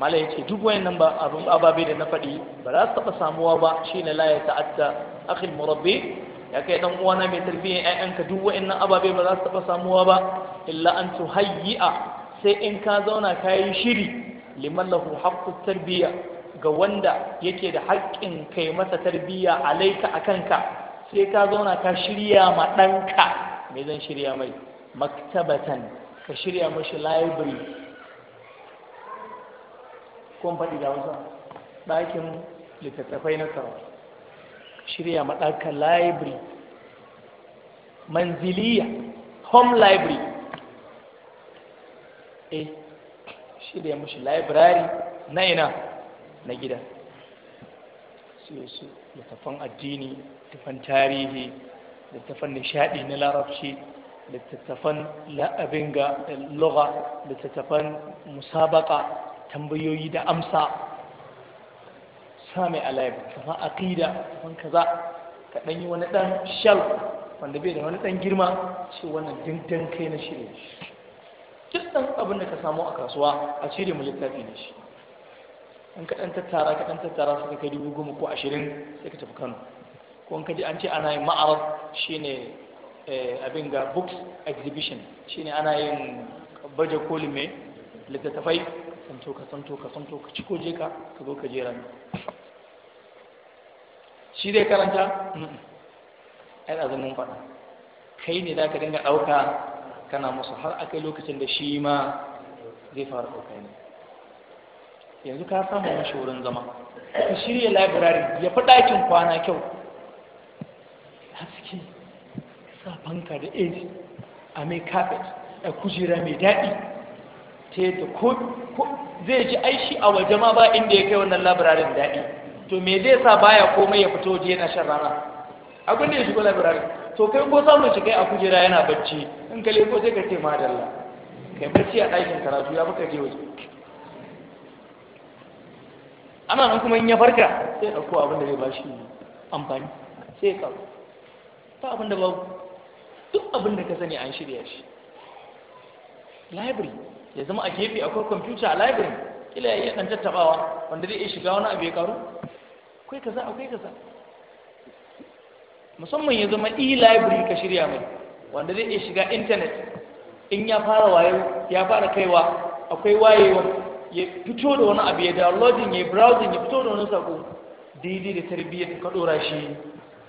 mala ya ce duk nan ba abin ababe da na faɗi ba za su taɓa samuwa ba shi ne la ya ta'atta akhil murabbi ya kai dan uwana mai tarbiyyar ƴaƴanka duk nan ababe ba za su taɓa samuwa ba illa an hayyi'a sai in ka zauna ka yi shiri liman lahu haqqu tarbiyya ga wanda yake da haƙƙin kai masa tarbiyya alaika akanka sai ka zauna ka shirya ma ɗanka me zan shirya mai maktabatan ka shirya mashi library kun faɗi da hausa ɗakin littattafai na karatu shirya maɗaka library manziliya home library eh shirya mashi library na ina na gida su su littattafan addini littattafan tarihi littattafan nishaɗi na larabci littattafan abin ga loga littattafan musabaka tambayoyi da amsa sami alive kama aqida ƙida kaza ka dan yi wani dan shal wanda bai da wani dan girma ce wannan dindin kai na shirye duk dan abin da ka samu a kasuwa a cire mu littafi ne shi in ka dan tattara ka dan tattara sai kai dubu goma ko ashirin sai ka tafi Kano ko in ka ji an ce ana yin shi shine eh, abin ga books exhibition shine ana yin baje kolin mai littattafai tsanto ka tsanto ka tsanto ka ciko je ka ka zo ka je ne. shi dai karanta ai da zaman faɗa kai ne za ka dinga ɗauka kana musu har akai lokacin da shi ma zai fara ɗauka ne yanzu ka samu mashi wurin zama ka shirya library ya fi ɗakin kwana kyau haske sa fanka da ace a mai kafet a kujera mai daɗi ta yadda ko zai ji aishi a waje ma ba inda ya kai wannan labirarin daɗi to me zai sa baya komai ya fito je yana shan rana abin da ya shigo labirarin to kai ko samun shi kai a kujera yana bacci in ka leko sai ka ce Allah kai bacci a ɗakin karatu ya baka je waje ana nan kuma in ya farka sai ɗauko abin da zai ba shi amfani sai ka ta abin da babu duk abin da ka sani an shirya shi library ya zama a gefe akwai kwamfuta a library kila ya iya ɗan tattabawa wanda zai iya shiga wani abu ya karu akwai kaza akwai kaza musamman ya zama e-library ka shirya mai wanda zai iya shiga intanet in ya fara wayo ya fara kaiwa akwai wayewa ya fito da wani abu ya downloading ya browsing ya fito da wani sako daidai da tarbiyyar ka dora shi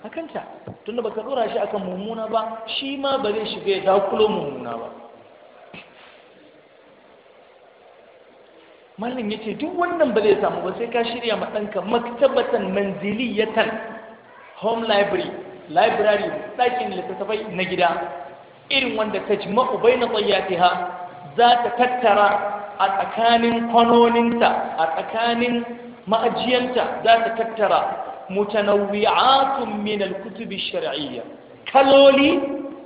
a kanta tunda baka dora shi akan mummuna ba shi ma ba zai shiga ya dakulo mummuna ba malam ya ce duk wannan ba zai samu ba sai ka shirya ma ɗanka maktabatan manziliyatan home library library ɗakin littattafai na gida irin wanda ta jima'u bai na tsayyatiha za ta tattara a tsakanin kwanoninta a tsakanin ma'ajiyanta za ta tattara mutanawwi'atun min al-kutubi shar'iyya kaloli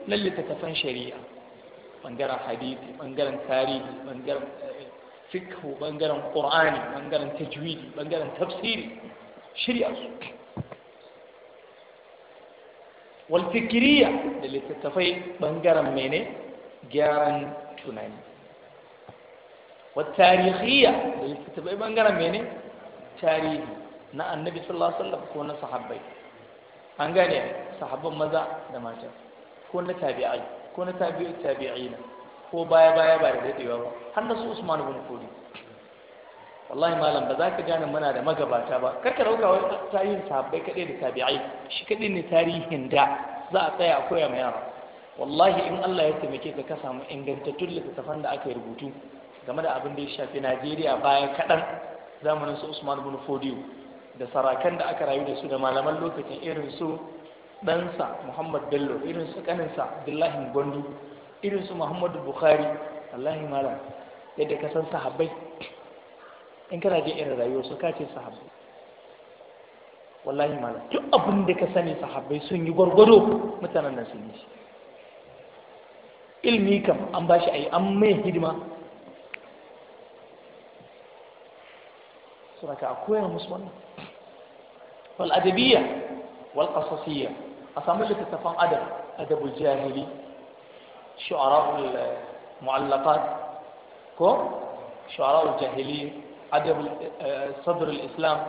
na littattafan shari'a bangaren hadisi bangaren tarihi bangaren فكه بنقرا قران بنقرا تجويد بنقرا تفسير شريعه والفكريه اللي تتفق بنقرا منين جارن تنين والتاريخيه اللي تتفق بنقرا منين تاريخ نا النبي صلى الله عليه وسلم كنا صحابي انقال يعني صحابه ماذا دماجه كنا تابعين كنا تابعين تابعين تابع. ko baya baya ba da daɗewa ba har na su usman bin kuri wallahi malam ba za ka gane muna da magabata ba kar ka dauka wai tarihin sahabbai kaɗai da tabi'ai shi kaɗai ne tarihin da za a tsaya a koya ma yara wallahi in Allah ya taimake ka ka samu ingantattun littattafan da aka yi rubutu game da abin da ya shafi Najeriya baya kaɗan zamanin su Usman bin Fodiyo da sarakan da aka rayu da su da malaman lokacin irin su ɗansa Muhammad Bello irin su kaninsa Abdullahi Gwandu irin su muhammadu bukhari wallahi malam yadda ka san sahabbai in kana jin irin rayuwa su kace sahabbai wallahi malam duk abin da ka sani sahabbai sun yi gwargwado mutanen nan sun yi shi ilmi kam an ba shi a yi an mai hidima suna ka a koya musu wannan wal adabiyya wal qasasiyya a samu littattafan adab adabul jahili شعراء المعلقات كو شعراء الجاهلية عدم آه، صدر الإسلام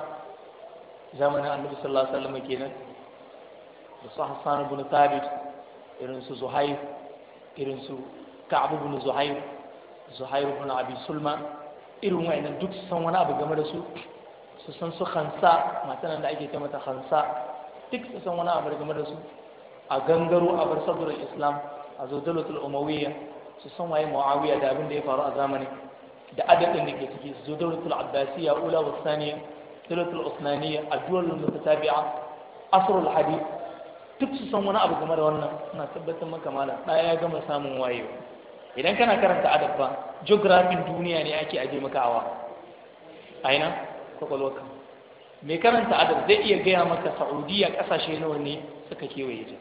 زمن النبي صلى الله عليه وسلم كينا صح صان بن ثابت إرنس زهير إرنس كعب بن زهير زهير بن أبي سلمى إرنس وين الدوك سوانا بجمال سو سسن سو خنسا ما تنا نعيش كما تخنسا تكس سوانا بجمال سو أغنغرو أبر الإسلام a zo dalatul umawiyya su san waye muawiya da abin da ya faru a zamani da adadin da ke ciki su zo dalatul abbasiyya ula wa saniya dalatul usmaniyya addu'ar mutatabi'a asrul hadith duk su san wani abu game da wannan ina tabbatar maka malam ɗaya ya gama samun wayewa idan kana karanta adab ba geographin duniya ne ake aje maka awa aina kwakwalwarka mai karanta adab zai iya gaya maka saudiya ƙasashe nawa ne suka kewaye ta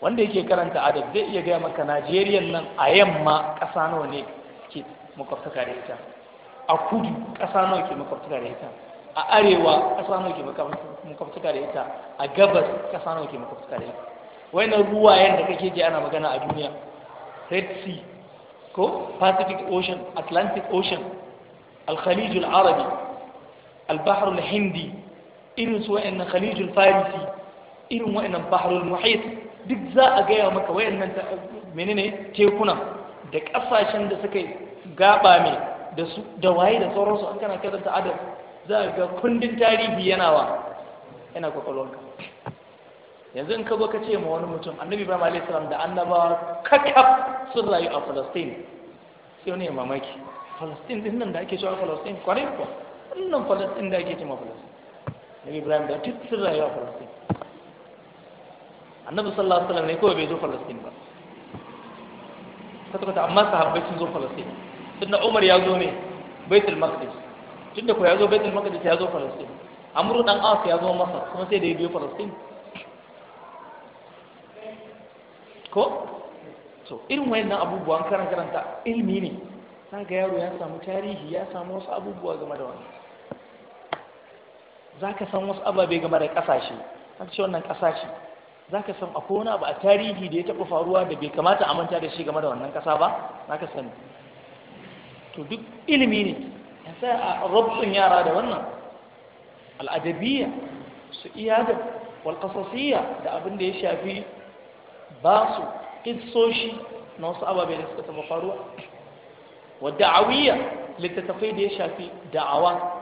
wanda yake karanta adab zai iya gaya maka najeriya nan a yamma ƙasa nawa ne ke makwabtaka da ita a kudu ƙasa nawa ke makwabtaka da ita a arewa ƙasa nawa ke makwabtaka da ita a gabas ƙasa nawa ke makwabtaka da ita na ruwayen da kake ji ana magana a duniya red sea ko pacific ocean atlantic ocean al arabi al hindi irin su wayannan khalij farisi irin wayannan bahr al-muhit duk za a gaya maka wayannan menene tekuna da kasashen da suka gaba mai da su da waye da sauransu an kana karanta adab za a ga kundin tarihi yana wa yana kwakwalwarka yanzu in ka zo ka ce ma wani mutum annabi ibrahim alayhi salam da annabawa kakaf sun rayu a palestine sai wani ya mamaki palestine din nan da ake cewa palestine kwarai kuwa wannan palestine da ake cewa palestine annabi ibrahim da duk sun rayu a palestine annabi sallallahu alaihi wasallam ne kawai bai zo falastin ba kwata kwata amma sahabbai sun zo falastin tunda umar ya zo ne baitul maqdis tunda ko ya zo baitul maqdis ya zo falastin amru dan as ya zo masa kuma sai da ya biyo falastin ko so irin wayannan abubuwan an karanta ilmi ne ga yaro ya samu tarihi ya samu wasu abubuwa game da wani za ka san wasu ababe game da ƙasashe an ce wannan ƙasashe zaka san akwai wani abu a tarihi da ya taɓa faruwa da bai kamata a manta da shi game da wannan ƙasa ba zaka sani to duk ilimi ne ya sai a rabtun yara da wannan al'adabiyya su iya da walƙasasiyya da abin da ya shafi ba su ƙisoshi na wasu ababe da suka taɓa faruwa Wa da'awiyya littattafai da ya shafi da'awa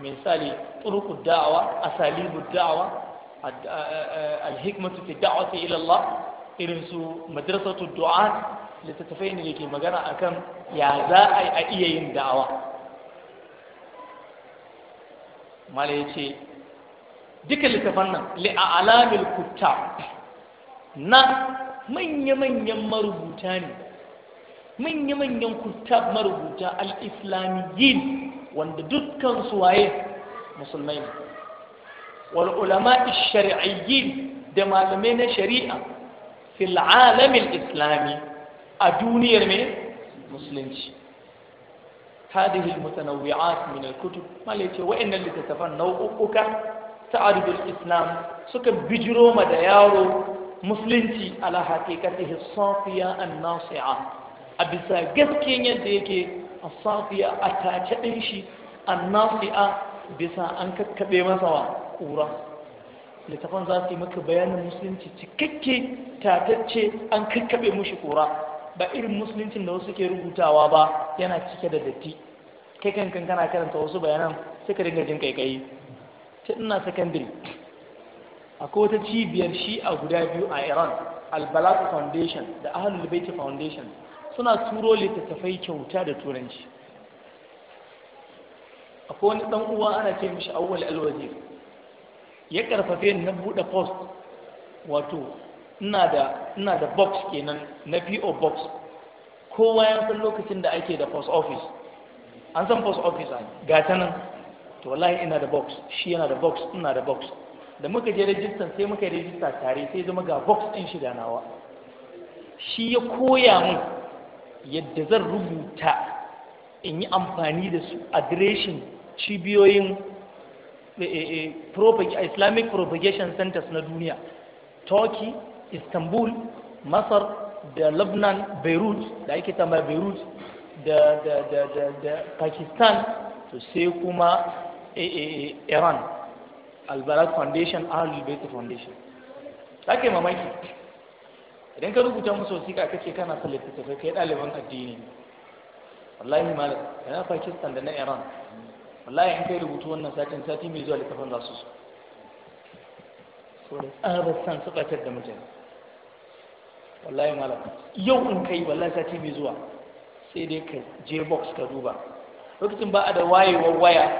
misali turuku da'awa asalibu da'awa alhikmatu fi da'wati ila Allah irin su madrasatu du'a littattafai ne da ke magana akan ya za a iya yin da'awa mala ya ce duka littafan nan li'alamil kutta na manya-manyan marubuta ne manya-manyan kutta marubuta al-islamiyyin wanda dukkan su waye musulmai ne wal ulama shar'iyyin da malamai na shari'a fil alamil islami a duniyar mai musulunci هذه المتنوعات من الكتب ما ليتي وإن اللي تتفن نوعك تعرض الإسلام سك بجرو مديارو مسلمتي على حقيقته الصافية الناصعة أبسا جسكين يديك الصافية أتاكتنشي الناصعة بسا أنك كبيما سوا ƙura littafan za su yi maka bayanin musulunci cikakke tatacce an kakkaɓe mushi kura ba irin musuluncin da wasu ke rubutawa ba yana cike da datti kai kan kana karanta wasu bayanan sai dinga jin kaikayi ta ina sakandare akwai wata cibiyar shi a guda biyu a iran albalak foundation da ahlul baiti foundation suna turo littattafai kyauta da turanci akwai wani dan uwa ana ce mishi awwal alwazir ya karfafe na buɗe post wato ina da box kenan na PO box kowa ya san lokacin da ake da post office an san post office a ga nan to wallahi ina da box shi yana da box ina da box da muka je rajistan sai muka rajista tare sai zama ga box ɗin shi da nawa shi ya koya min yadda zan rubuta in yi amfani da su adireshin cibiyoyin Eh, eh, eh, islamic propagation centers na duniya turkey istanbul masar da lebanon beirut da ake tambaya beirut da, da, da, da, da pakistan to sai kuma iran albarat foundation ahlul bayt foundation ake mamaki idan ka rubuta musu wasiƙa kace kana son kai ɗaliban addini wallahi malam na pakistan da na iran wallahi in kai rubutu wannan satin sati mai zuwa littafin za su so saboda tsara san su ɓatar da mutane wallahi malam yau in kai wallahi sati mai zuwa sai dai ka je box ka duba lokacin ba a da wayewar waya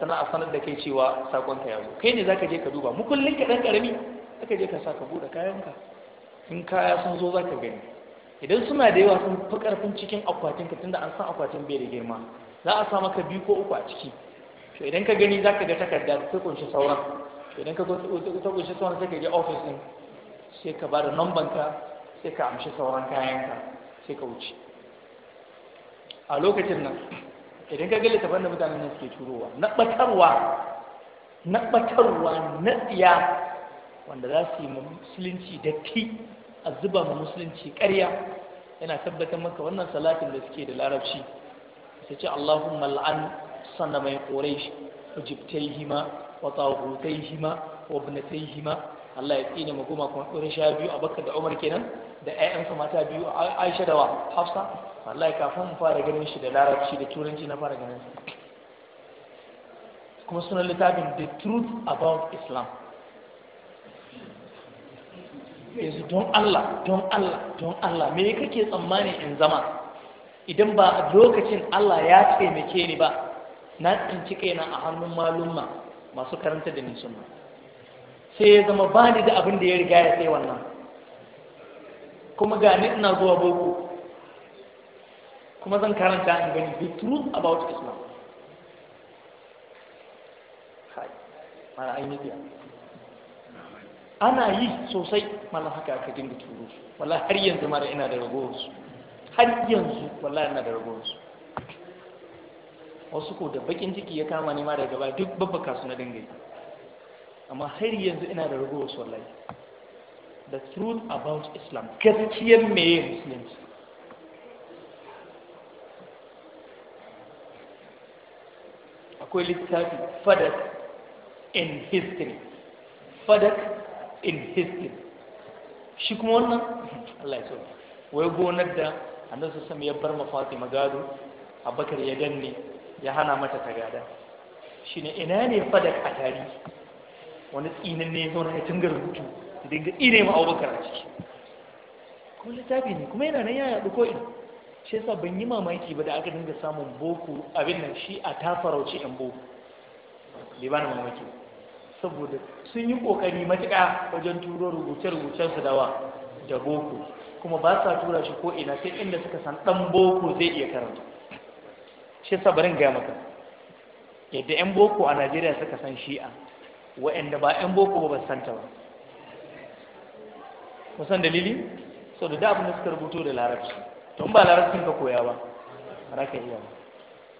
tana a sanar da kai cewa sakon ka zo. kai ne zaka je ka duba mu kullun ka dan karami zaka je ka saka bude kayan kayanka. in kaya sun zo zaka gani idan suna da yawa sun fi karfin cikin akwatin ka tunda an san akwatin bai da girma za a sa maka biyu ko uku a ciki to idan ka gani zaka ga takarda ta kunshi sauran to idan ka ta kunshi sauran sai ka je office din sai ka bada number ka sai ka amshi sauran kayan ka sai ka wuce a lokacin nan idan ka ga littafin da mutanen nan suke turowa na batarwa na batarwa na tsiya wanda za su yi musulunci da ki a zuba ma musulunci ƙarya yana tabbatar maka wannan salatin da suke da larabci sai ce Allahumma la'an mai shi, hima, صنمي hima, wa وطاغوتيهما hima. Allah ya tsine mu goma kuma ɗorin sha biyu a bakar da Umar kenan da ƴaƴansa mata biyu a Aisha da wa Hafsa ya kafin mu fara ganin shi da larabci da turanci na fara ganin shi kuma sunan littafin The Truth About Islam yanzu don Allah don Allah don Allah me kake tsammani in zama idan ba lokacin Allah ya taimake ni ba na tsinci kaina a hannun malumma masu karanta da nisan sai ya zama ba ni da abin da ya riga ya sai wannan kuma ga ni ina zuwa boko kuma zan karanta in gani the truth about islam Mana an yi ana yi sosai mana haka aka dinga turo su wallahi har yanzu mara ina da ragowar su har yanzu wallahi ina da ragowar su wasu ko da bakin ciki ya kama nema da gaba duk babba kasu na yi amma har yanzu ina da ragowar wallahi the truth about islam gaskiyar meye musulunci akwai littafi fadak in history fadak in history shi kuma wannan Allah ya so wai gonar da annabi sallallahu alaihi ya bar ma magado gado bakar ya danne ya hana mata ta gada shi ne ina ne fadak a tarihi wani tsinin ne zaune ya tunga rubutu da dinga tsine ma abubakar a ciki kuma littafi ne kuma yana nan ya yaɗu ko in shi yasa ban yi mamaki ba da aka dinga samun boko abin nan shi a ta farauci yan boko bai ba mamaki saboda sun yi kokari matuƙa wajen turo rubuce-rubucen su dawa da boko kuma ba sa tura shi ko ina sai inda suka san ɗan boko zai iya karanta shi barin gaya maka yadda 'yan boko a najeriya suka san shi'a wa'anda ba 'yan boko ba santa ba musan dalili sau da abin da suka rubuto da larabci tun ba larabcin ka koya ba raka iya ba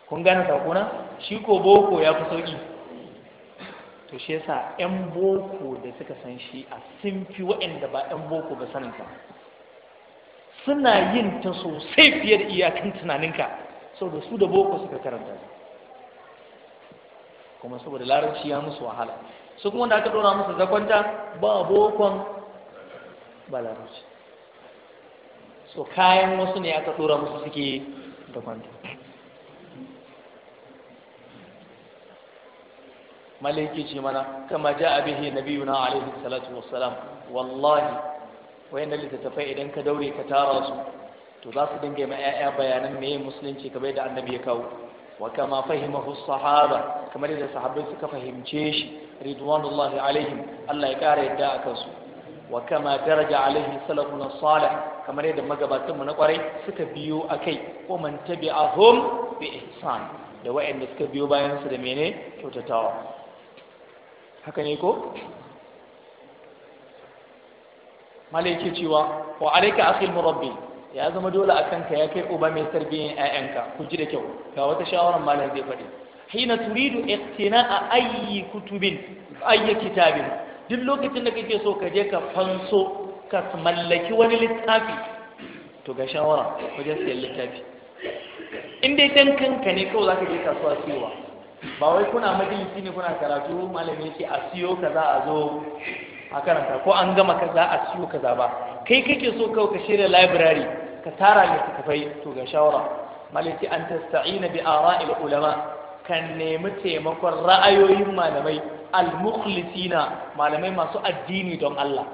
kun gane sakuna shi ko boko ya fi sauki to shi yasa 'yan boko da suka san shi'a sun fi wa'anda ba 'yan boko ba saninka suna yin ta sosai fiye da iyakan tunaninka saboda su da boko suka karanta su kuma saboda larabci ya musu wahala su kuma da aka dora musu zakonta ba bokon ba larabci so kayan wasu ne aka dora musu suke zakwanta maliki ce mana kama ja a bihe na biyu na alaihi salatu salam, wallahi wayan da littattafai idan ka daure ka tara su to za su dinga ma 'ya'ya bayanan meye musulunci kamar yadda annabi ya kawo wa kama fahimahu sahaba kamar yadda sahabbai suka fahimce shi ridwanullahi alaihim Allah ya kara yadda a kansu wa kama daraja alaihi salafun salih kamar yadda magabatanmu na kwarai suka biyo akai ko man tabi'ahum bi ihsan da wa'anda suka biyo bayan su da mene kyautatawa haka ne ko malaike cewa wa alayka asil murabbi ya zama dole a kanka ya kai uba mai tarbiyyar ƴaƴanka ku ji da kyau ga wata shawarar malam zai faɗi hina turidu a ayyi kutubin ayyi kitabin duk lokacin da kake so ka je ka fanso ka mallaki wani littafi to ga shawara wajen siyan littafi in dai dan kanka ne kawai zaka je kasuwa siyowa ba wai kuna majalisi ne kuna karatu malami yake a siyo kaza a zo a karanta ko an gama kaza a siyo kaza ba kai kake so kawai ka shirya library ka tara littattafai to ga shawara malaki an tasta'ina bi ara'il ulama kan nemi taimakon ra'ayoyin malamai al-mukhlisina malamai masu addini don Allah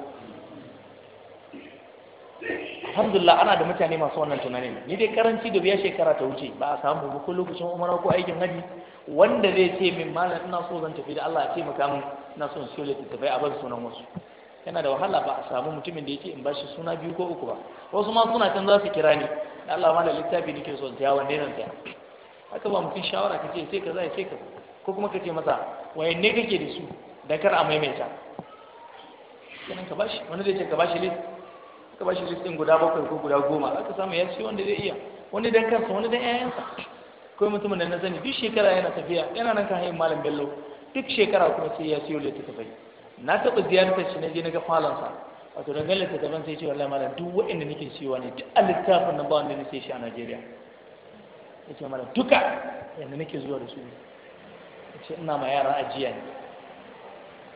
alhamdulillah ana da mutane masu wannan tunanin ni dai karanci da biya shekara ta wuce ba a samu ba ko lokacin umara ko aikin haji wanda zai ce min malam ina so zan tafi da Allah ya taimaka min ina so in siyo littattafai a bar sunan wasu yana da wahala ba a samu mutumin da yake in bashi suna biyu ko uku ba wasu ma suna can za su kira ni Allah mala littafi littafi nake son ta wanne nan ta haka ba mutum shawara kace sai kaza sai ka ko kuma kace masa waye ne kake da su da kar a maimaita kenan ka bashi wani zai ce ka bashi list ka bashi list din guda bakwai ko guda goma Za ka samu ya wanda zai iya wani dan kansa wani dan ƴaƴansa ko mutumin da na sani duk shekara yana tafiya yana nan kan hayin malam bello duk shekara kuma sai ya siyo littattafai na taɓa ziyartar shi na je na ga falonsa wato don ganin littattafan sai ce wallahi malam duk waɗanda nake siyowa ne duk a littafin nan ba wanda nake shi a Najeriya ya ce malam duka yadda nake zuwa da su ne ya ce ina ma yara ajiya ne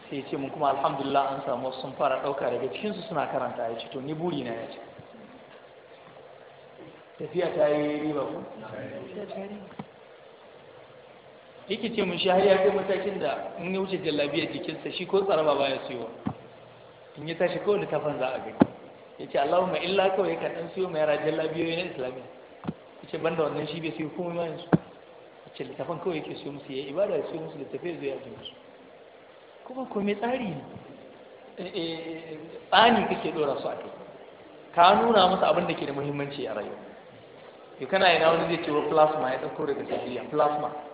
sai ya ce mun kuma alhamdulillah an samu sun fara ɗauka daga cikinsu suna karanta ya ce to ni buri na ya ce tafiya ta yi riba ko? yake ce mun shi har ya kai matakin da in ya wuce jallabiya jikinsa shi ko tsaraba ba ya siyo in ya tashi kawai tafan za a gani ya ce allahumma illa kawai ya kaɗan siyo mai yara jallabiyoyi na islamiyya ya ce banda wannan shi bai siyo kuma ma su ya ce littafin kawai yake siyo musu ya ibada ya siyo musu tafiya zuwa yaji musu kuma ko mai tsari ne eh, eh, tsani kake ɗora su a kai ka nuna musu abin da ke da muhimmanci a rayuwa yau kana yana wani zai ce wa plasma ya ɗauko daga tafiya plasma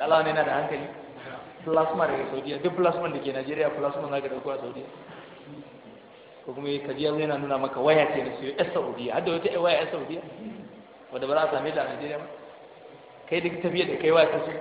Allah ne na da hankali plasma daga saudiya duk plasma da ke najeriya plasma na ga dauko a saudiya ko kuma kajiya yana nuna maka waya ke na siyo yar saudiya har da wata waya yar saudiya wadda ba za a same ta a najeriya ba kai duk tafiya da kai waya ta siyo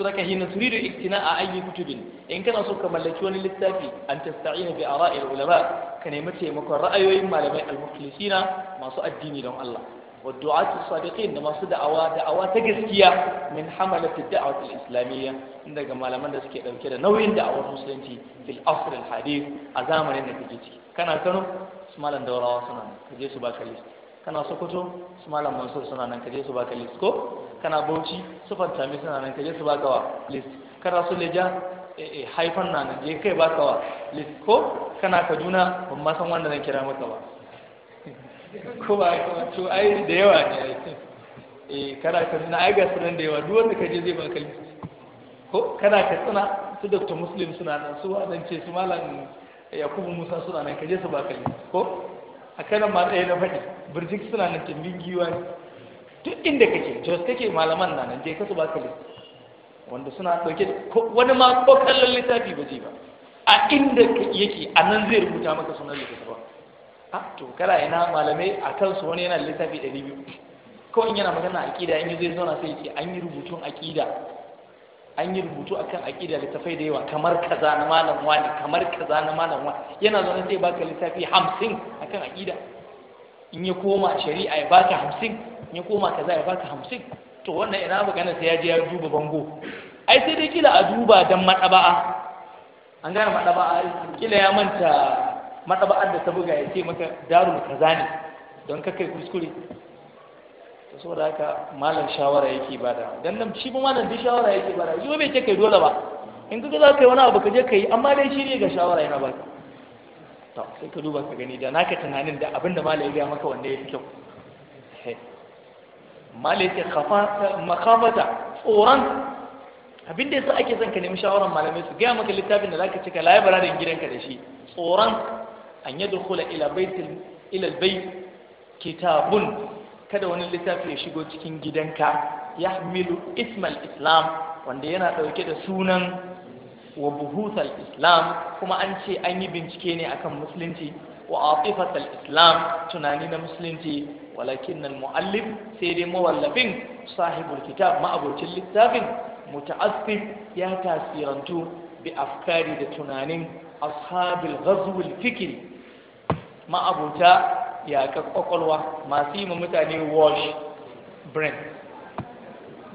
saboda hina turidu a ayi kutubin in kana so ka mallaki wani littafi an tasta'ina bi ara'il ulama ka nemi taimakon ra'ayoyin malamai al-mukhlisina masu addini don Allah wa du'atu sadiqin da masu da'awa da'awa ta gaskiya min hamalati da'wati al-islamiyya daga malaman da suke ɗauke da nauyin da'awar musulunci fil asr al-hadith a zamanin da kake ciki kana Kano su malam Daurawa suna nan kaje su baka list kana Sokoto su malam Mansur suna nan su baka list ko kana bauchi Sufan tami suna nan kaje su baka wa list kana su leja eh, eh, haifan na nan je kai baka wa list ko kana kaduna ban ma san wanda zan kira maka ba ko ba to ai da yawa ne ai eh kana kaduna ai ga sunan da yawa duk wanda kaje zai baka list ko kana katsina su dr muslim suna nan su wadan ce su malam yakubu musa suna nan kaje su baka list ko a kanan ma ɗaya na faɗi birjik suna nan tambin giwa ne duk inda kake jos kake malaman na nan je ka su baka littafi wanda suna ɗauke wani ma ko kallon littafi ba zai ba a inda yake a nan zai rubuta maka sunan littafi ba a to kala ina malamai a kan su wani yana littafi ɗari biyu ko in yana magana aƙida in yi zai zauna sai ce an yi rubutun aƙida an yi rubutu akan aƙida littafai da yawa kamar kaza na malam wani kamar kaza na malam wani yana zaune sai baka littafi hamsin akan aƙida in ya koma shari'a ya baka hamsin Ni koma za ya baka hamsin to wannan ina magana sai ya je ya duba bango ai sai dai kila a duba dan madaba'a an gane madaba'a kila ya manta madaba'ar da ta buga ya ce maka darul kaza ne don kai kuskure to saboda haka malam shawara yake bada dan nan shi ba malam duk shawara yake bada yau bai ce kai dole ba in kaga za ka yi wani abu ka je ka yi amma dai shi ne ga shawara yana baka to sai ka duba ka gani da naka tunanin da abinda malam ya ga maka wanda ya fi kyau malaka khafata makhafata tsoron abin da yasa ake son ka nemi shawaran malamai su gaya maka littafin da zaka cika la bara da gidanka da shi tsoron an yadkhula ila baitil ila albayt kitabun kada wani littafi ya shigo cikin gidanka yahmilu ismal islam wanda yana dauke da sunan wa buhuthal islam kuma an ce an yi bincike ne akan musulunci وعاطفة الإسلام تنانين مسلمتي ولكن المؤلف سيري مولفين صاحب الكتاب ما أبو الكتاب متعصب يا تاسيرنتو بأفكار تنانين أصحاب الغزو الفكري ما أبو تا يا كقلوة ما سيما متاني واش برين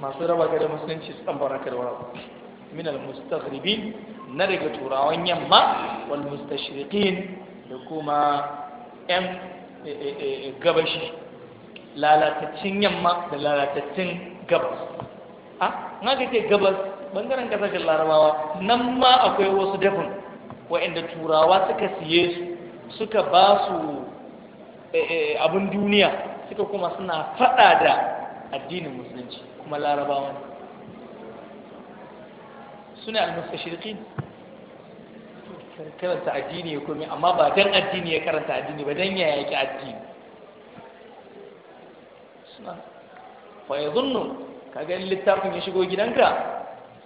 ما سربا كده مسلمتي سنبرا كده من المستغربين نرجع تراوين يما والمستشرقين da kuma 'yan eh, eh, eh, gabashi lalatattun yamma da lalatattun gabas a ah, na ka gabas bangaren kasashen larabawa nan ma akwai wasu dafin wa'inda turawa suka siye su suka ba su abin duniya suka kuma suna fada da addinin musulunci kuma larabawa ne suna shirki. karanta addini ya komi amma ba dan addini ya karanta addini ba dan ya yaki addini suna fa ya zunnu ka ga littafin ya shigo gidanka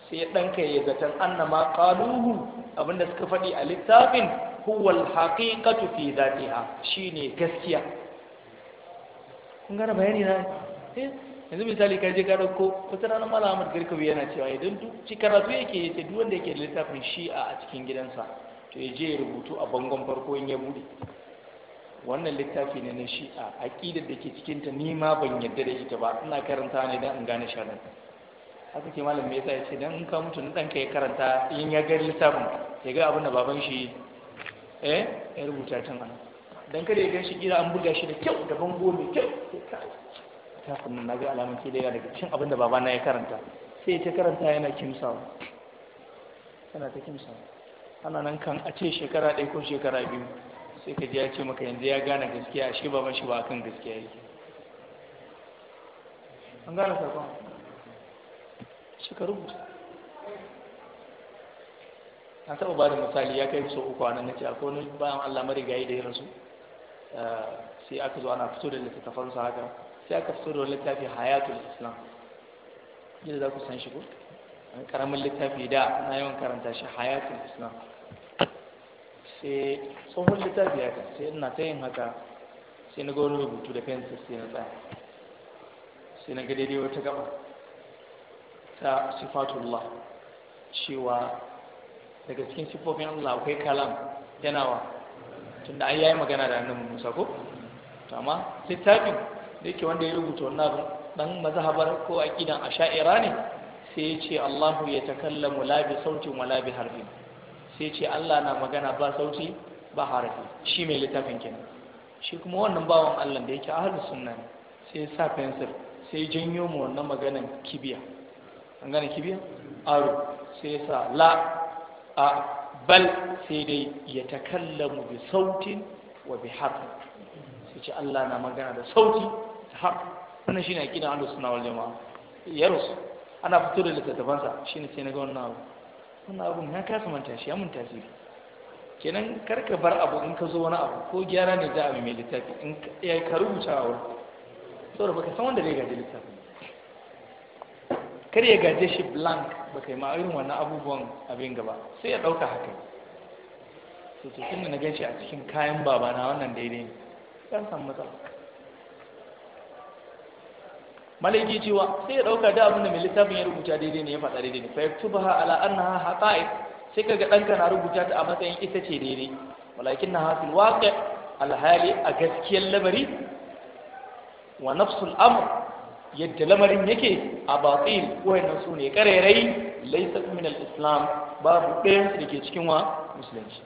sai dan ka ya zaton annama qaluhu abinda suka faɗi a littafin huwa alhaqiqatu fi dhatiha shine gaskiya kun gane bayani na eh yanzu misali ka je ka dauko wata rana malamar garkawi yana cewa idan duk cikin karatu yake yace duk wanda yake da littafin shi'a a cikin gidansa to ya je ya rubutu a bangon farko in ya bude wannan littafi ne na shi'a aƙidar da ke cikinta ni ma ban yadda da ita ba ina karanta ne dan in gane shaɗan haka ke malam yasa ya ce dan in ka mutu na ɗanka ya karanta in ya gari littafin ya ga abin da baban shi eh ya rubuta can ana Dan kada ya gan shi gida an buga shi da kyau da bango mai kyau littafin nan na ga alamun ke da daga cikin abin da babana ya karanta sai ya ta karanta yana kimsawa tana ta kimsawa ana nan kan a ce shekara ɗaya ko shekara biyu sai ka ya ce maka yanzu ya gane gaskiya a shi baban shi ba kan gaskiya yake an gane sakon Shekaru. ka na taɓa ba da misali ya kai so uku nan na ce akwai wani bayan allah gayi da ya rasu eh, sai aka zo ana fito da littattafansa haka sai aka fito da wani littafi hayatul islam yadda za ku san shi ko an karamin littafi da na yawan karanta shi hayatul islam sai tsohon littafi haka sai ina ta yin haka sai na ga rubutu da fensa sai na tsaya sai na ga daidai wata gaba ta sifatullah cewa daga cikin sifofin Allah akwai kalam yanawa tunda an yayi magana da annabi Musa ko to amma littafin da yake wanda ya rubuta wannan dan mazhabar ko aqidan asha'ira ne sai ya ce Allahu ya takallamu la bi sautin wala harfi sai ya ce Allah na magana ba sauti ba harfi shi mai littafin kenan shi kuma wannan bawan Allah da yake ahlus sunna ne sai ya sa fensir sai janyo mu wannan maganan kibiya an gane kibiya aro sai ya sa la a bal sai dai ya takallamu bi sautin wa bi harfi sai ce Allah na magana da sauti da harfi wannan shine aqidar ahlus sunna wal jamaa ya ana fito da littattafansa shi ne sai na ga wannan abu wannan abu ya kasa manta shi ya mun tasiri kenan karka bar abu in ka zo wani abu ko gyara ne za a mai littafi in ya ka rubuta a wurin saboda baka san wanda zai gaji littafin kar ya gaje shi blank baka yi ma irin wannan abubuwan abin gaba sai ya ɗauka haka to tun da na gaishe a cikin kayan babana wannan daidai ne kan san matsala malaki cewa sai ya dauka da abin da mai littafin ya rubuta daidai ne ya faɗa daidai ne fa ha ala annaha haqa'iq sai kaga danka na rubuta ta a matsayin ita ce daidai walakin na hasil waqi alhali a gaskiyar labari wa nafsul amr yadda lamarin yake a batil wayannan su ne karerai laysa min al-islam babu ɗayan su ke cikin wa musulunci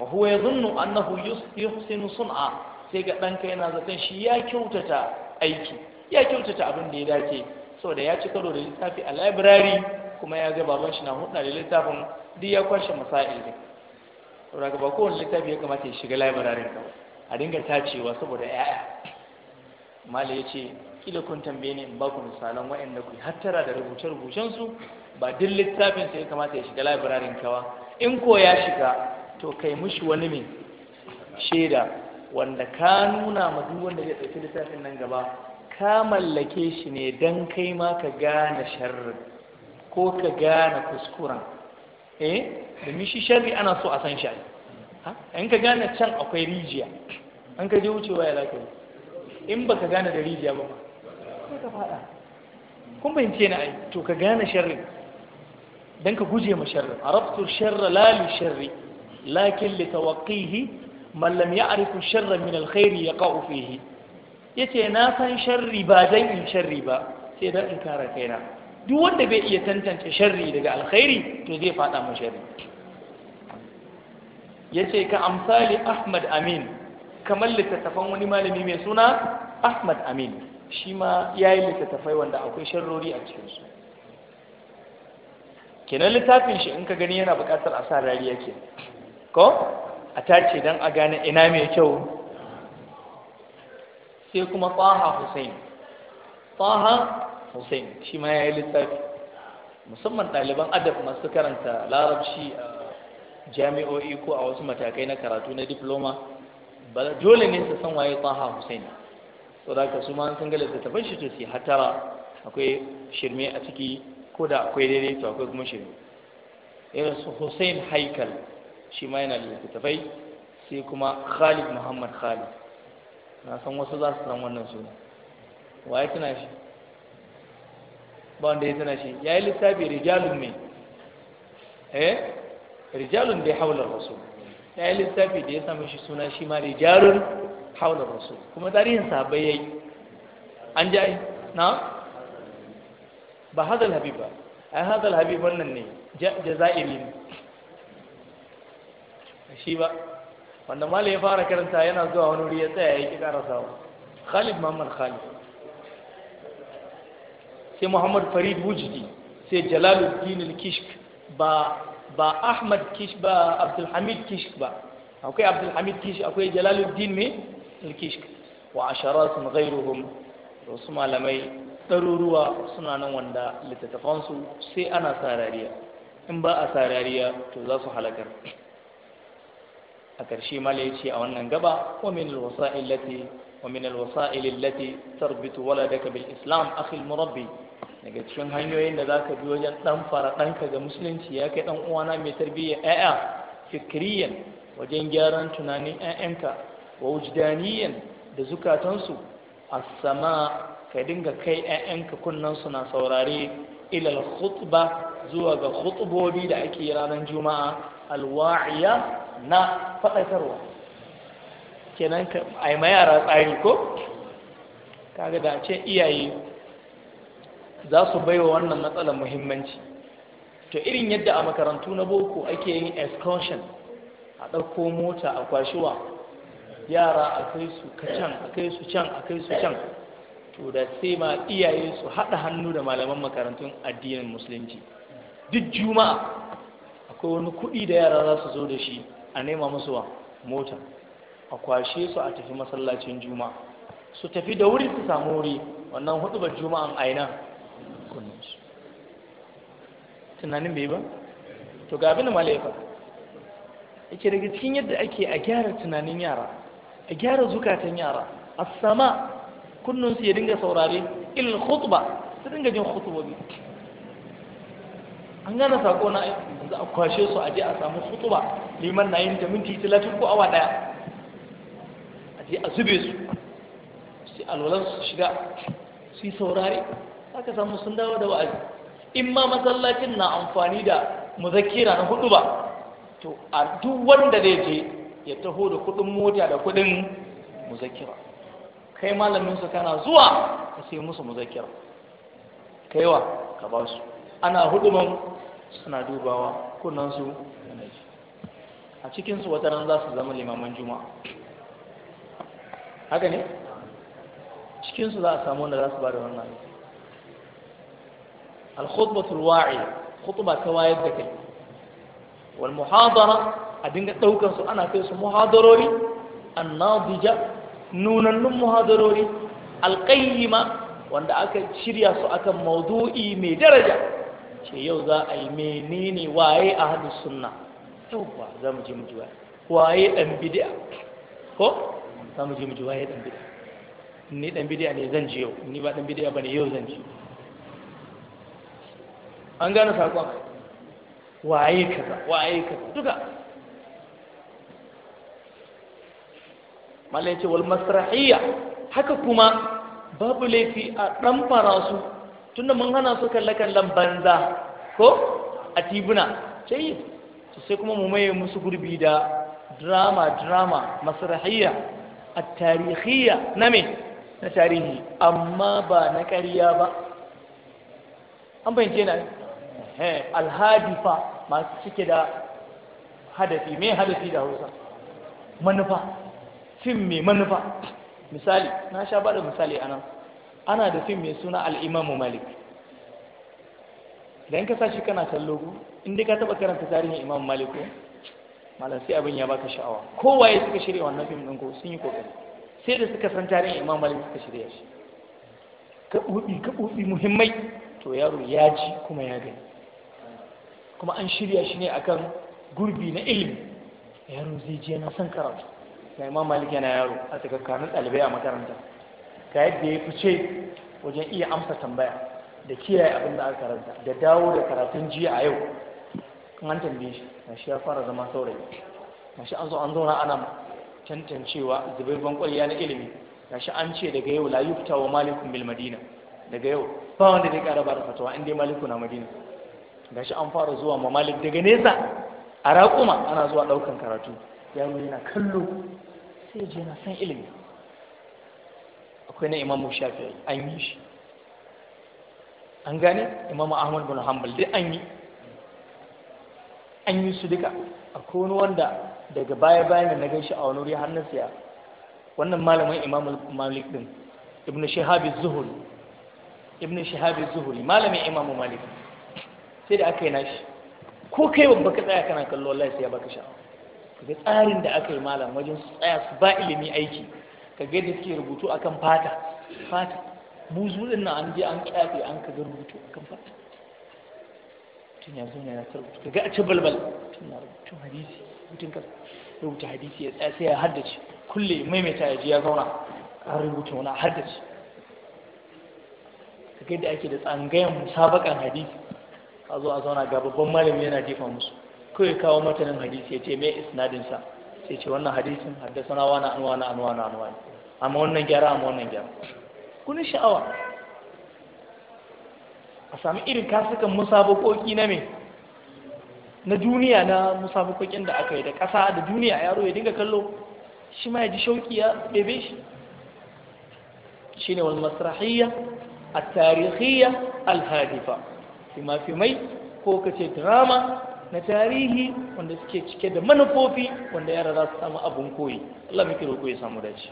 wa huwa yadhunnu annahu yuhsinu sun'a sai ga danka yana zaton shi ya kyautata aiki ya kyautata abin da ya dace saboda ya ci karo da littafi a labirari, kuma ya ga baban shi na hudda da littafin duk ya kwashe masail ne. saboda ba kowane littafi ya kamata ya shiga library ka a dinga tacewa saboda ya'ya mali ya ce kila kun tambaye ni in ba ku misalan waɗanda ku hattara da rubuce rubucensu ba duk littafin sai ya kamata ya shiga labirarin kawa in ko ya shiga to kai mushi wani mai shaida wanda ka nuna ma duk wanda zai ɗauki littafin nan gaba ka mallake shi ne don kai ma ka gane sharrin, ko ka gane kuskuren eh da mishi sharri ana so a san shi in ka gane can akwai rijiya an ka je wucewa ya lafiya in ba ka gane da rijiya ba sai ka fada kun bayyance na ai to ka gane sharrin don ka guje ma sharri arabtu sharra la li sharri lakin li tawqihi man lam ya'rifu sharra min alkhair yaqa'u fihi yace na san sharri ba dan in sharri ba sai dan in kara kaina duk wanda bai iya tantance sharri daga alkhairi to zai fada mu sharri yace ka amsali Ahmad Amin kamar littattafan wani malami mai suna Ahmad Amin shi ma yi littattafai wanda akwai sharrori a cikin kenan littafin shi in ka gani yana bukatar a sa rariya ke ko a tace don a gane ina mai kyau sai kuma taha hussein taha hussein shi ma ya yi littafi musamman ɗaliban adab masu karanta larabci a jami'o'i ko a wasu matakai na karatu na diploma dole ne su san waye taha hussein so da ka su ma sun ga da shi to sai hatara akwai shirme a ciki ko da akwai daidai to akwai kuma shirme irin su hussein haikal shi ma yana da littattafai sai kuma khalid muhammad khalid na san wasu za su san wannan suna wa ya tuna shi ba wanda ya tuna shi ya yi littafi rijalun mai eh rijalun da ya haula rasu ya yi littafi da ya sami shi suna shi ma rijalun haula rasu kuma tarihin sahabbai ya yi an ji ai na ba hadal habib ba ai hadal habib wannan ne jazairi ne shi ba wanda malam ya fara karanta yana zuwa wani wuri ya tsaya ya ki karasa Khalid Muhammad Khalid sai Muhammad Farid Wujdi sai Jalaluddin al-Kishk ba ba Ahmad Kish ba Abdulhamid Kishk ba akwai Abdulhamid kish akwai Jalaluddin me al-Kishk wa asharatun ghairuhum wasu malamai ɗaruruwa suna nan wanda littattafansu sai ana sarariya in ba a sarariya to za su halakar a ƙarshe mala ya ce a wannan gaba wa min alwasa'il lati wa min alwasa'il lati tarbitu waladaka bil islam akhi murabbi daga cikin hanyoyin da zaka bi wajen dan fara danka ga musulunci ya kai dan uwana mai tarbiyya ayya fikriyan wajen gyaran tunanin 'ya'yanka wa wujdaniyan da zukatansu as-sama ka dinga kai 'ya'yanka kunnan su na saurare ilal khutba zuwa ga khutbobi da ake yi ranar juma'a alwa'iya na faɗakarwa kenan a yi ma yara tsari ko kaga da ce iyaye za su baiwa wannan matsalar muhimmanci to irin yadda a makarantu na boko ake yin excursion a ɗauko mota a kwashewa yara a kai su can a kai su can a kai su can to da sai ma iyaye su haɗa hannu da malaman makarantun addinin musulunci duk juma'a akwai wani kuɗi da yara za su zo da shi a nema musu wa mota a kwashe su a tafi masallacin juma'a su tafi da wuri su samu wuri wannan juma juma'an aina tunanin bai ba to ga abin da malaifa yake daga cikin yadda ake a gyara tunanin yara a gyara zukatan yara a sama kunninsu ya dinga saurare ilin khutba su dinga jin khutubobi an gane sako na aiki za a kwashe su a je a samu hutuba liman na yin ta minti talatin ko awa daya a je a zube su sai alwalar su shiga su yi saurare aka samu sun dawo da wa'azi in ma masallacin na amfani da muzakira na ba. to a duk wanda zai je ya taho da kudin mota da kudin muzakira kai malamin su kana zuwa ka sai musu muzakira kaiwa ka ba su ana huduman suna dubawa a cikinsu wata ran za su zama limaman juma'a haka ne cikinsu za a samu wanda za su ba da wannan al-khutbatul wa'i khutba ta wayar da kai wal muhadara a dinga daukar su ana kai su muhadarori annadija nunannun muhadarori alqayyima wanda aka shirya su akan maudu'i mai daraja ce yau za a yi menene waye a hadu sunna yau ba za mu je mu ji waye ɗan bidiya ko za mu je mu ji waye ɗan bidiya ni ɗan bidiya ne zan je yau ni ba ɗan bidiya ba ne yau zan je an gane saƙon waye kaza waye kaza duka malai ce wal masrahiyya haka kuma babu laifi a ɗan fara su tunda mun hana su kalle banza ko a tibuna sai sai kuma mu maye musu gurbi da drama drama masrahiya a tarihiyya na me na tarihi amma ba na ƙarya ba an bayyance na alhadifa masu cike da hadafi me hadafi da hausa manufa fim me manufa misali na sha ba da misali anan. ana da fim mai suna al'imamu malik da ka sashi kana kallo ku inda ka taba karanta tarihin imamu malik ko malam sai abin ya baka sha'awa kowaye suka shirya wannan fim ɗin ko sun yi kokari sai da suka san tarihin imamu malik suka shirya shi Ka ka kaɓuɓi muhimmai to yaro ya ji kuma ya gani kuma an shirya shi ne akan gurbi na ilimi yaro zai je na san karatu na imam malik yana yaro a tsakakanin ɗalibai a makaranta ga yadda ya fice wajen iya amsa tambaya da kiyaye abin da aka karanta da dawo da karatun jiya a yau an tambaye shi na shi ya fara zama saurayi na shi an zo an zauna ana tantancewa zubaibban kwalliya na ilimi na shi an ce daga yau la yufta wa malikun bil madina daga yau ba wanda zai kara ba da fatawa in dai maliku na madina ga shi an fara zuwa ma malik daga nesa a raƙuma ana zuwa ɗaukan karatu yaro yana kallo sai je na san ilimi akwai na imamu shafi'i an yi shi an gane imamu ahmad bin hanbal dai an yi an yi su duka akwai wani wanda daga baya bayan na gan shi a wani wuri har na siya wannan malamin imam malik din ibn shahabi zuhuri ibn shahabi zuhuri malamin imam malik sai da aka yi nashi ko kai babba ka tsaya kana kallo wallahi sai ya baka sha'awa kaga tsarin da aka yi malam wajen su tsaya su ba ilimi aiki ka ga da suke rubutu akan fata fata buzu din nan an je an kyafe an ka ga rubutu akan fata tun ya zo na rubutu ka ga a ci balbal tun na rubutu hadisi mutum ka rubuta hadisi ya tsaya sai ya haddace kulle maimaita ya je ya zauna a rubuta wani haddace ka ga da ake da tsangayen musabakan hadisi a zo a zauna ga babban malami yana jefa musu kawai kawo matanin hadisi ya ce mai isnadinsa sai ce wannan hadisin haddasana wani an wani an wani an wani amma wannan gyara amma wannan gyara Kuni sha'awa a sami irin kasukan musabakoki na me na duniya na musabakokin da aka yi da ƙasa da duniya yaro ya dinga kallo shi ma ya ji shauki ya bebe shi shi ne walmasrahiyya a tarihiyya alhadifa fima mai ko kace drama na tarihi wanda suke cike da manufofi wanda yara za su samu abin koyi Allah muke roƙo ya samu dace